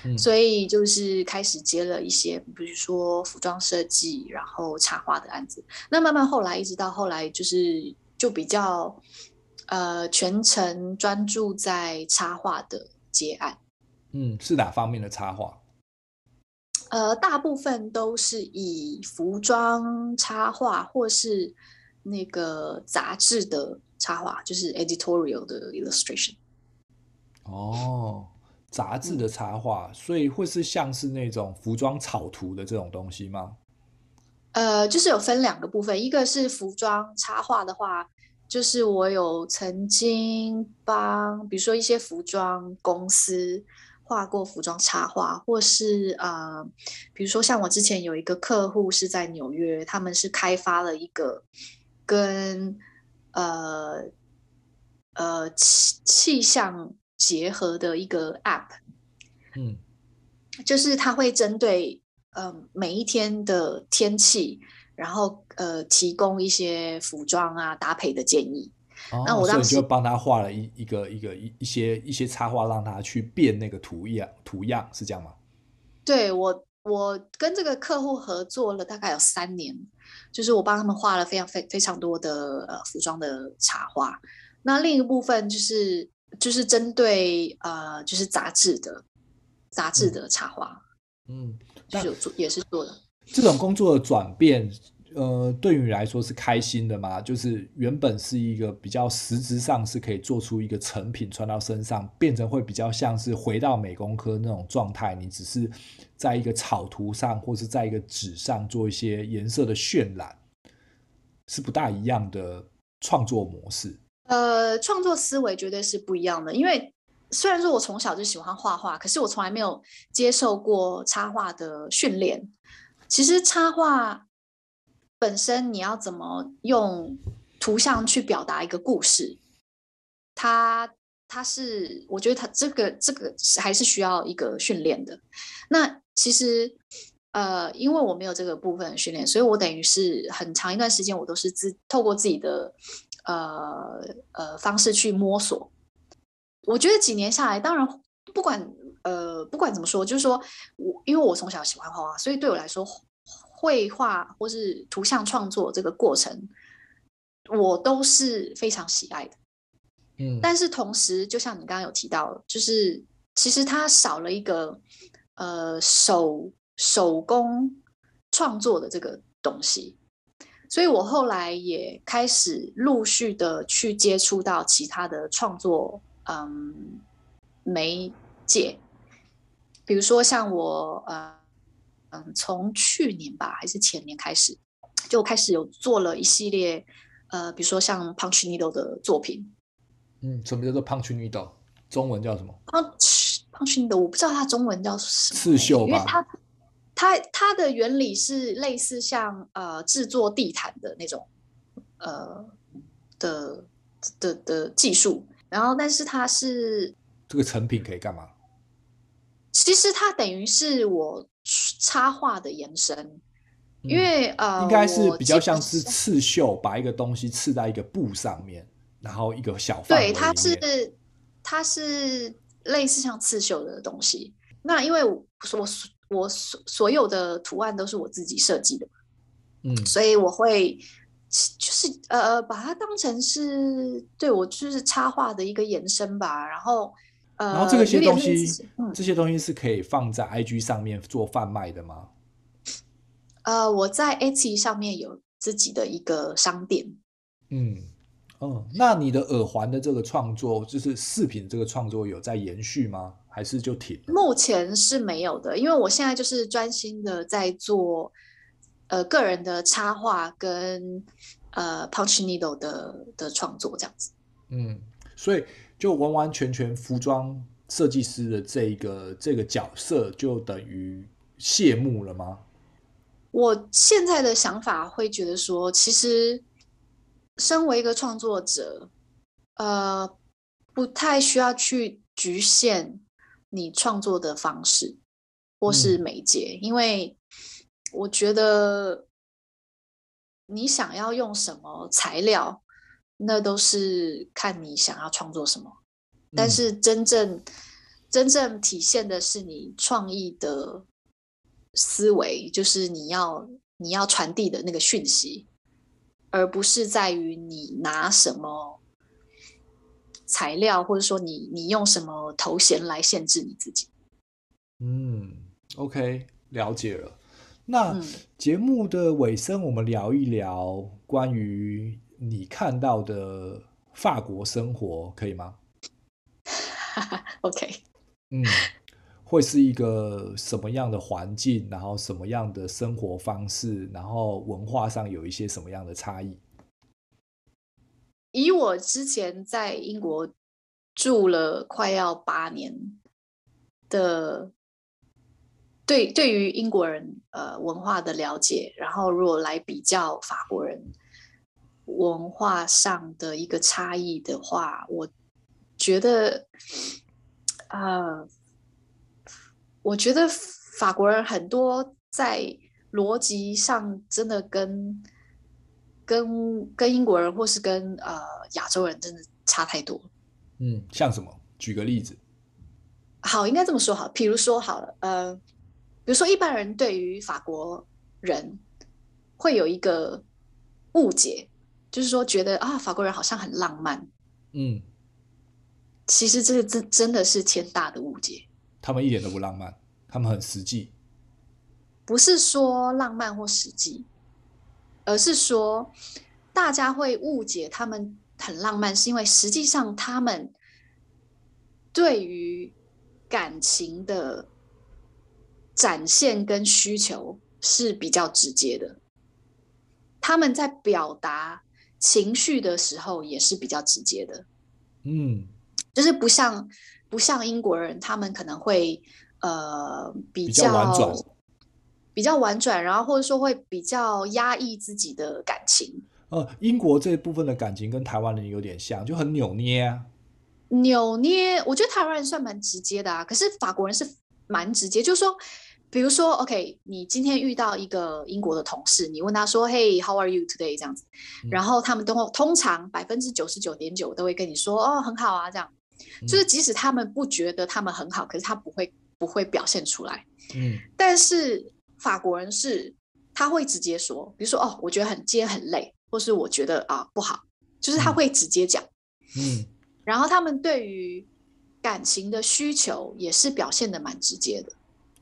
嗯、所以就是開始接了一些，比如說服裝設計，然後插畫的案子，那慢慢後來一直到後來，就是就比較。呃，全程專注在插畫的接案。嗯，是哪方面的插畫？呃，大部分都是以服裝插畫，或是那個雜誌的插畫，就是 editorial 的 illustration。哦，雜誌的插畫，嗯，所以會是像是那種服裝草圖的這種東西嗎？呃，就是有分兩個部分，一個是服裝插畫的話。就是我有曾經幫，比如說一些服裝公司畫過服裝插畫，或是啊、呃，比如說像我之前有一個客戶是在紐約，他們是開發了一個跟呃呃氣氣象結合的一個 App，嗯，就是它會針對嗯、呃、每一天的天氣，然後呃，提供一些服裝啊搭配的建議。哦、那我當時就幫他畫了一個一個一個一一些一些插畫，讓他去變那個圖樣圖樣，是這樣嗎？對，我，我跟這個客戶合作了大概有三年，就是我幫他們畫了非常非非常多的呃服裝的插畫。那另一部分就是就是針對呃就是雜誌的雜誌的插畫，嗯，嗯就是有做也是做的。這種工作的轉變，呃，對於你來說是開心的嗎？就是原本是一個比較實質上是可以做出一個成品穿到身上，變成會比較像是回到美工科那種狀態。你只是在一個草圖上或是在一個紙上做一些顏色的渲染，是不大一樣的創作模式。呃，創作思維絕對是不一樣的。因為雖然說我從小就喜歡畫畫，可是我從來沒有接受過插畫的訓練。其實插畫本身，你要怎麼用圖像去表達一個故事，它它是，我覺得它這個這個還是需要一個訓練的。那其實，呃，因為我沒有這個部分的訓練，所以我等於是很長一段時間我都是自透過自己的呃呃方式去摸索。我覺得幾年下來，當然不管。呃，不管怎麼說，就是說我，我因為我從小喜歡畫畫，所以對我來說，繪畫或是圖像創作這個過程，我都是非常喜愛的。嗯，但是同時，就像你剛剛有提到，就是其實它少了一個呃手手工創作的這個東西，所以我後來也開始陸續的去接觸到其他的創作，嗯，媒介。比如說像我，呃，嗯，從去年吧還是前年開始，就開始有做了一系列，呃，比如說像 punch needle 的作品。嗯，什麼叫做 punch needle？中文叫什麼？punch punch needle 我不知道它中文叫什麼？刺繡吧，因為它它它的原理是類似像呃製作地毯的那種，呃的的的，的技術，然後但是它是這個成品可以幹嘛？其實它等於是我插畫的延伸，嗯、因為呃，應該是比較像是刺繡，把一個東西刺在一個布上面，然後一個小方、嗯、對，它是它是類似像刺繡的東西。那因為我所我所所有的圖案都是我自己設計的，嗯，所以我會就是呃把它當成是對我就是插畫的一個延伸吧，然後。然後這些東西，呃，這些東西，嗯嗯，這些東西是可以放在 IG 上面做販賣的嗎？呃，我在 IT 上面有自己的一個商店。嗯，嗯，那你的耳環的這個創作，就是飾品這個創作，有在延續嗎？還是就停？目前是沒有的，因為我現在就是專心的在做呃個人的插畫跟呃 punch needle 的的創作這樣子。嗯，所以。就完完全全服裝設計師的這一個這個角色，就等於謝幕了嗎？我現在的想法會覺得說，其實身為一個創作者，呃，不太需要去局限你創作的方式或是媒介，嗯，因為我覺得你想要用什麼材料。那都是看你想要創作什麼，嗯，但是真正真正體現的是你創意的思維，就是你要你要傳遞的那個訊息，而不是在於你拿什麼材料，或者說你你用什麼頭銜來限制你自己。嗯，OK，了解了。那節目的尾聲，我們聊一聊關於。你看到的法國生活可以嗎 ？OK， 嗯，會是一個什麼樣的環境，然後什麼樣的生活方式，然後文化上有一些什麼樣的差異？以我之前在英國住了快要八年的對，對對於英國人呃文化的了解，然後如果來比較法國人。嗯。文化上的一個差異的話，我覺得，呃，我覺得法國人很多在邏輯上真的跟，跟跟英國人或是跟呃亞洲人真的差太多。嗯，像什麼？舉個例子。好，應該這麼說好。比如說好了，呃，比如說一般人對於法國人會有一個誤解。就是說，覺得啊，法國人好像很浪漫。嗯，其實這真的是天大的誤解。他們一點都不浪漫，他們很實際。不是說浪漫或實際，而是說大家會誤解他們很浪漫，是因為實際上他們對於感情的展現跟需求是比較直接的。他們在表達情緒的時候也是比較直接的，嗯，就是不像不像英國人，他們可能會呃比較，比較婉轉，比較婉轉，然後或者說會比較壓抑自己的感情。嗯，英國這一部分的感情跟台灣人有點像，就很扭捏啊。扭捏，我覺得台灣人算蠻直接的啊，可是法國人是蠻直接，就是說。比如說，OK，你今天遇到一個英國的同事，你問他說：“Hey，how are you today？” 這樣子，嗯、然後他們都通常百分之九十九點九都會跟你說：“哦、oh，很好啊。”這樣、嗯，就是即使他們不覺得他們很好，可是他不會不會表現出來。嗯。但是法國人是他會直接說，比如說：“哦，我覺得很今天很累，或是我覺得啊不好。”就是他會直接講嗯。嗯。然後他們對於感情的需求也是表現得蠻直接的。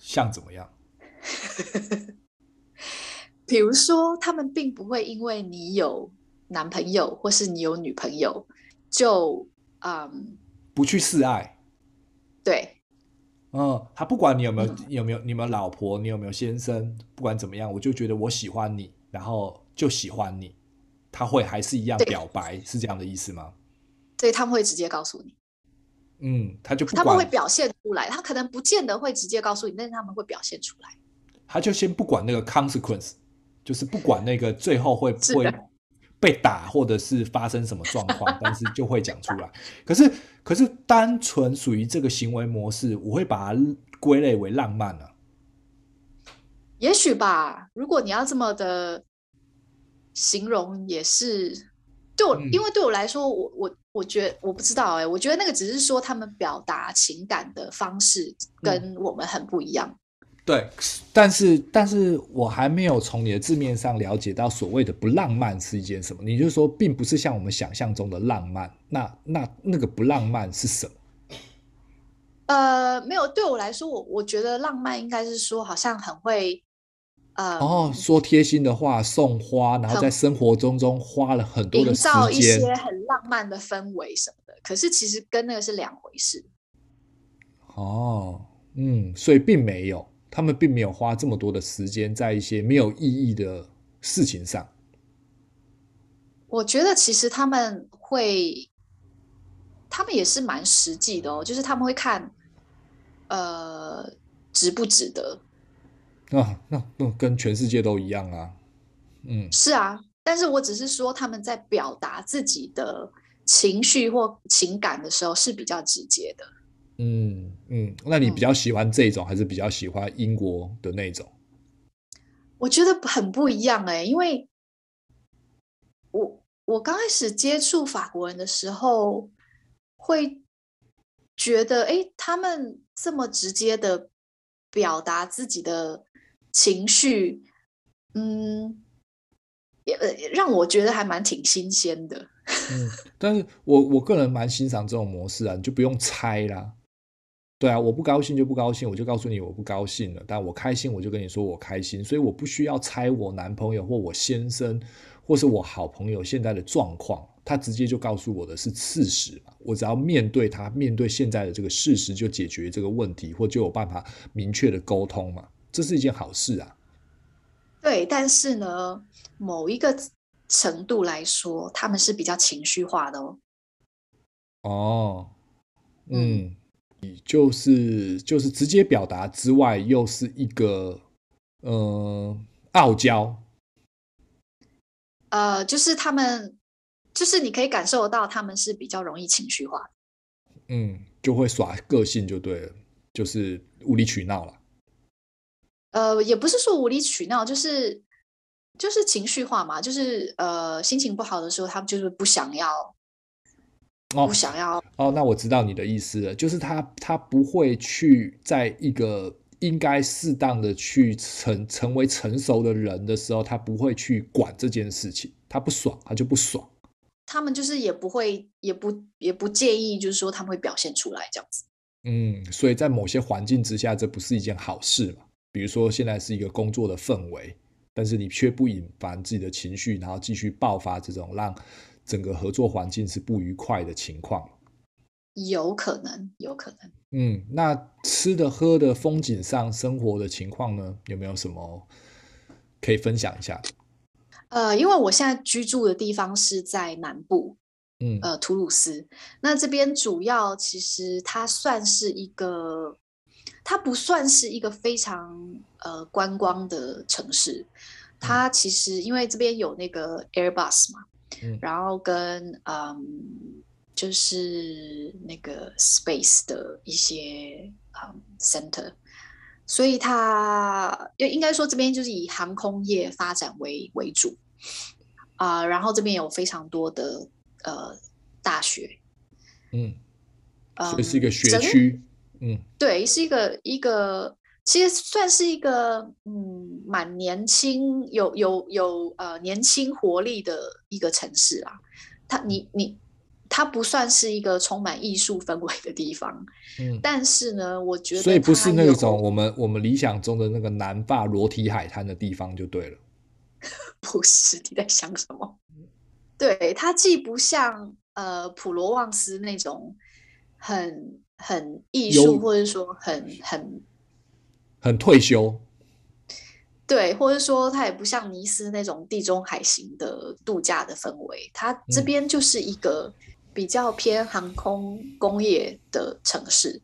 像怎麼樣？ 比如說，他們並不會因為你有男朋友或是你有女朋友就嗯不去示愛。對。嗯、哦，他不管你有沒有、嗯、你有沒有，你有沒有老婆，你有沒有先生，不管怎麼樣，我就覺得我喜歡你，然後就喜歡你，他會還是一樣表白，是這樣的意思嗎？對，他們會直接告訴你。嗯，他就他們會表現出來，他可能不見得會直接告訴你，但是他們會表現出來。他就先不管那個 consequence，就是不管那個最後會不會被打，或者是發生什麼狀況，但是就會講出來。 可是，可是單純屬於這個行為模式，我會把它歸類為浪漫啊。也許吧，如果你要這麼的形容，也是對我，嗯，因為對我來說，我我。我覺得我不知道哎、欸，我覺得那個只是說他們表達情感的方式跟我們很不一樣。嗯，對，但是但是，我還沒有從你的字面上了解到所謂的不浪漫是一件什麼。你就是說，並不是像我們想象中的浪漫。那，那，那，那個不浪漫是什麼？呃，沒有，對我來說，我我覺得浪漫應該是說好像很會。呃、嗯、然、哦、後說貼心的話，送花，然後在生活中中花了很多的時間，營造一些很浪漫的氛圍什麼的。可是其實跟那個是兩回事。哦，嗯，所以並沒有，他們並沒有花這麼多的時間在一些沒有意義的事情上。我覺得其實他們會，他們也是蠻實際的哦，就是他們會看，呃，值不值得。啊，那、啊、那跟全世界都一樣啊，嗯，是啊，但是我只是說他們在表達自己的情緒或情感的時候是比較直接的，嗯嗯，那你比較喜歡這種、嗯，還是比較喜歡英國的那種？我覺得很不一樣哎、欸，因為我我剛開始接觸法國人的時候，會覺得哎、欸，他們這麼直接的表達自己的。情緒，嗯，也，也讓我覺得還蠻挺新鮮的。 嗯，但是我我個人蠻欣賞這種模式啊，你就不用猜啦。對啊，我不高興就不高興，我就告訴你我不高興了。但我開心我就跟你說我開心，所以我不需要猜我男朋友或我先生或是我好朋友現在的狀況，他直接就告訴我的是事實嘛。我只要面對他，面對現在的這個事實，就解決這個問題，或就有辦法明確的溝通嘛。這是一件好事啊！對，但是呢，某一個程度來說，他們是比較情緒化的哦。哦，嗯，嗯，就是就是直接表達之外，又是一個嗯、呃，傲嬌。呃，就是他們，就是你可以感受得到他們是比較容易情緒化的。嗯，就會耍個性，就對了，就是無理取鬧了。呃，也不是說無理取鬧，就是就是情緒化嘛，就是呃，心情不好的時候，他們就是不想要，哦、不想要。哦，那我知道你的意思了，就是他他不會去在一個應該適當的去成成為成熟的人的時候，他不會去管這件事情，他不爽，他就不爽。他們就是也不會，也不也不介意，就是說他們會表現出來這樣子。嗯，所以在某些環境之下，這不是一件好事嘛。比如說，現在是一個工作的氛圍，但是你卻不隱瞞自己的情緒，然後繼續爆發這種讓整個合作環境是不愉快的情況，有可能，有可能。嗯，那吃的、喝的、風景上、生活的情況呢？有沒有什麼可以分享一下？呃，因為我現在居住的地方是在南部，嗯，呃，土魯斯。那這邊主要其實它算是一個。它不算是一個非常呃觀光的城市，它其實、嗯、因為這邊有那個 Airbus 嘛，嗯、然後跟嗯就是那個 Space 的一些嗯 Center，所以它應應該說這邊就是以航空業發展為為主，啊、呃，然後這邊有非常多的呃大學，嗯，這是一個學區。嗯嗯、對，是一個一個，其實算是一個嗯，蠻年輕、有有有呃年輕活力的一個城市啊。它你你，它不算是一個充滿藝術氛圍的地方。嗯，但是呢，我覺得所以不是那種我們我們理想中的那個南法裸體海灘的地方就對了。不是，你在想什麼、嗯？對，它既不像呃普羅旺斯那種。很很藝術，或者說很很很退休，對，或者說他也不像尼斯那種地中海型的度假的氛圍，它這邊就是一個比較偏航空工業的城市。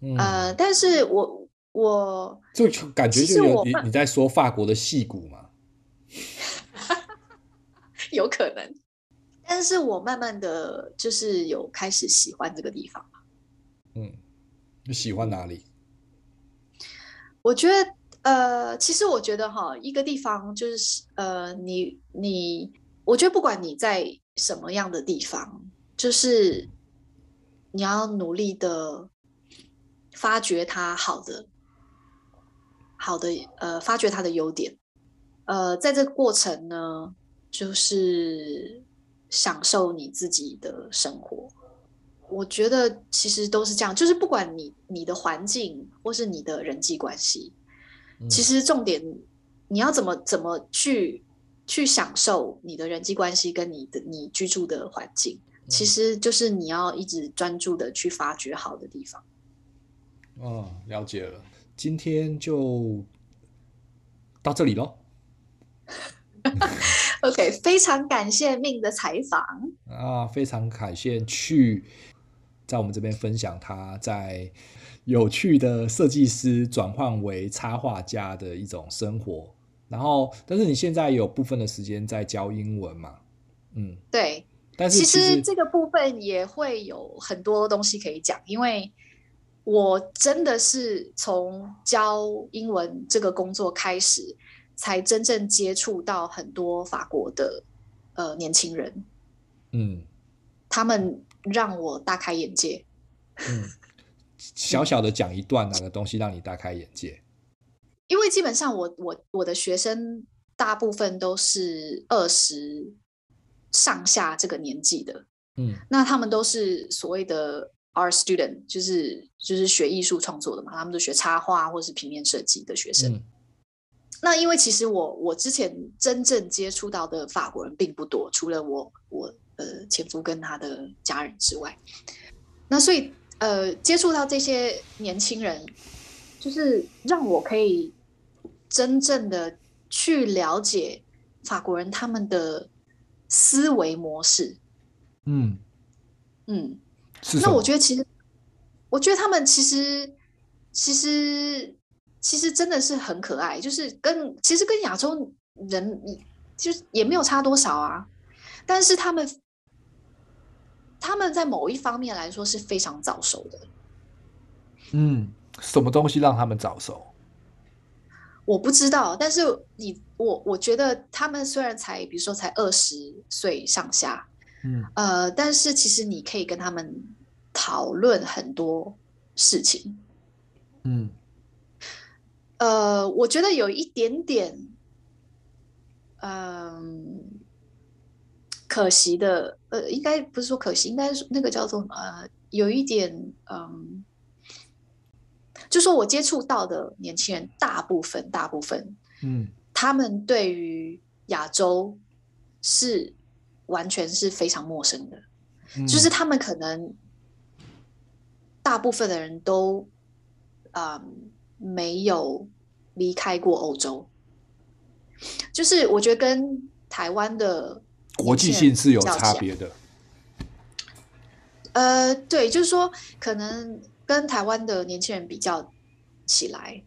嗯，呃、但是我我就感覺就是你在說法國的戲骨嘛， 有可能。但是我慢慢的就是有開始喜歡這個地方，嗯，你喜歡哪裡？我覺得，呃，其實我覺得哈，一個地方就是呃，你你，我覺得不管你在什麼樣的地方，就是你要努力的發掘它好的，好的，呃，發掘它的優點。呃，在這個過程呢，就是。享受你自己的生活，我覺得其實都是這樣，就是不管你你的環境或是你的人際關係，嗯、其實重點你要怎麼怎麼去去享受你的人際關係跟你的你居住的環境，其實就是你要一直專注的去發掘好的地方。嗯、哦，了解了，今天就到這裡嘍。 OK，非常感謝 Ming 的採訪啊！非常感謝 Chu 在我們這邊分享他在有趣的設計師轉換為插畫家的一種生活。然後，但是你現在有部分的時間在教英文嘛？嗯，對。但是其實，其實這個部分也會有很多東西可以講，因為我真的是從教英文這個工作開始。才真正接觸到很多法國的呃年輕人，嗯，他們讓我大開眼界。嗯，小小的講一段那個東西讓你大開眼界？嗯，因為基本上我我我的學生大部分都是二十上下這個年紀的，嗯，那他們都是所謂的 art student，就是就是學藝術創作的嘛，他們都學插畫或是平面設計的學生。嗯那因為其實我我之前真正接觸到的法國人並不多，除了我我呃前夫跟他的家人之外，那所以呃接觸到這些年輕人，就是讓我可以真正的去了解法國人他們的思維模式。嗯嗯，那我覺得其實我覺得他們其實其實。其實真的是很可愛，就是跟其實跟亞洲人，就也沒有差多少啊。但是他們，他們在某一方面來說是非常早熟的。嗯，什麼東西讓他們早熟？我不知道。但是你我我覺得，他們雖然才比如說才二十歲上下，嗯呃，但是其實你可以跟他們討論很多事情。嗯。呃，我覺得有一點點，嗯，可惜的，呃，應該不是說可惜，應該是那個叫做呃，有一點，嗯，就說我接觸到的年輕人大部分，大部分，嗯，他們對於亞洲是完全是非常陌生的，嗯，就是他們可能大部分的人都，啊，嗯。沒有離開過歐洲，就是我覺得跟台灣的國際性是有差別的。呃，對，就是說可能跟台灣的年輕人比較起來，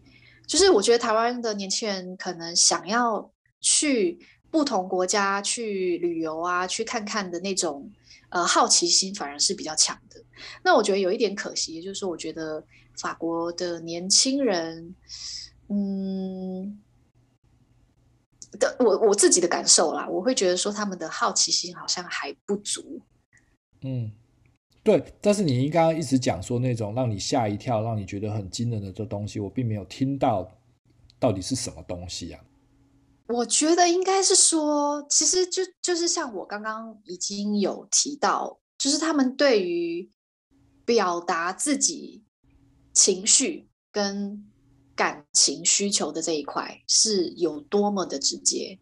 就是我覺得台灣的年輕人可能想要去不同國家去旅遊啊，去看看的那種。呃，好奇心反而是比較強的。那我覺得有一點可惜，就是說，我覺得法國的年輕人，嗯，的我我自己的感受啦，我會覺得說他們的好奇心好像還不足。嗯，對。但是你剛剛一直講說那種讓你嚇一跳、讓你覺得很驚人的這東西，我並沒有聽到到底是什麼東西啊。我覺得應該是說，其實就就是像我剛剛已經有提到，就是他們對於表達自己情緒跟感情需求的這一塊是有多麼的直接。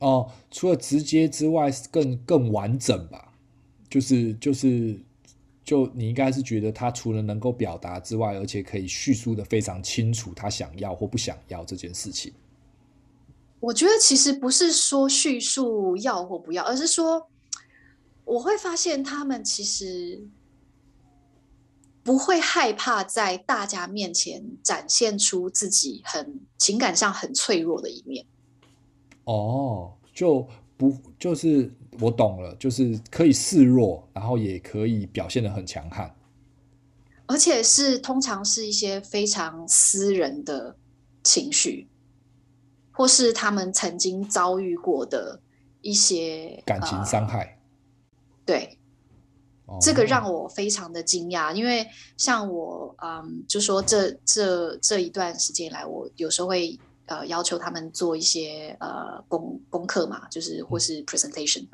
哦，除了直接之外，更更完整吧？就是就是，就你應該是覺得他除了能夠表達之外，而且可以敘述得非常清楚，他想要或不想要這件事情。我覺得其實不是說敘述要或不要，而是說我會發現他們其實不會害怕在大家面前展現出自己很情感上很脆弱的一面。哦，就不就是我懂了，就是可以示弱，然後也可以表現得很強悍，而且是通常是一些非常私人的情緒。或是他們曾經遭遇過的一些感情傷害，呃，對，哦，這個讓我非常的驚訝，因為像我，嗯，就說這這這一段時間以來，我有時候會呃要求他們做一些呃功功課嘛，就是或是 presentation，嗯，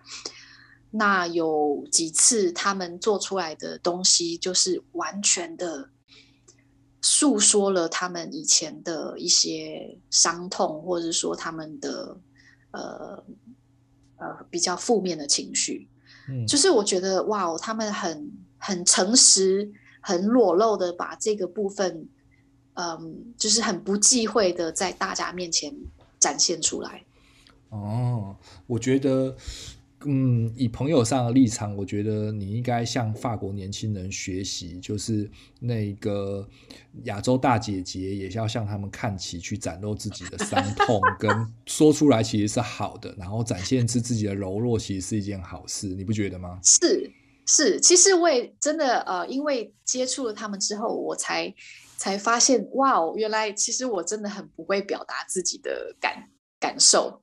那有幾次他們做出來的東西就是完全的。訴說了他們以前的一些傷痛，或者說他們的、呃呃、比較負面的情緒，嗯、就是我覺得哇、哦、他們很很誠實、很裸露的把這個部分，嗯、呃，就是很不忌諱的在大家面前展現出來。哦，我覺得。嗯，以朋友上的立場，我覺得你應該向法國年輕人學習，就是那個亞洲大姐姐也是要向他們看齊，去展露自己的傷痛 跟說出來，其實是好的。然後展現出自己的柔弱，其實是一件好事，你不覺得嗎？是是，其實我也真的呃，因為接觸了他們之後，我才才發現，哇哦，原來其實我真的很不會表達自己的感感受。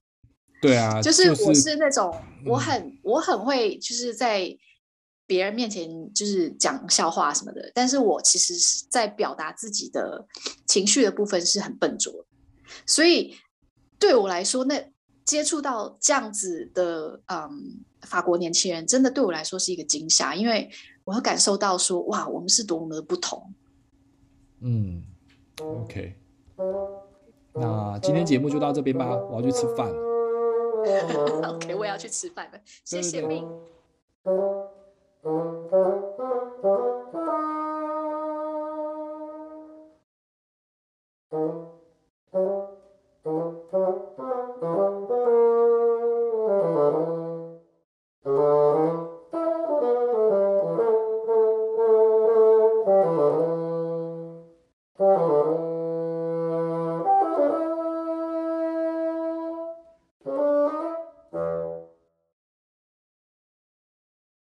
對啊，就是我是那種、就是，我很我很會就是在別人面前就是講笑話什麼的，但是我其實是在表達自己的情緒的部分是很笨拙，所以對我來說，那接觸到這樣子的嗯法國年輕人，真的對我來說是一個驚嚇，因為我會感受到說哇，我們是多麼的不同。嗯，OK，那今天節目就到這邊吧，我要去吃飯。 OK，我也要去吃飯了。謝謝明。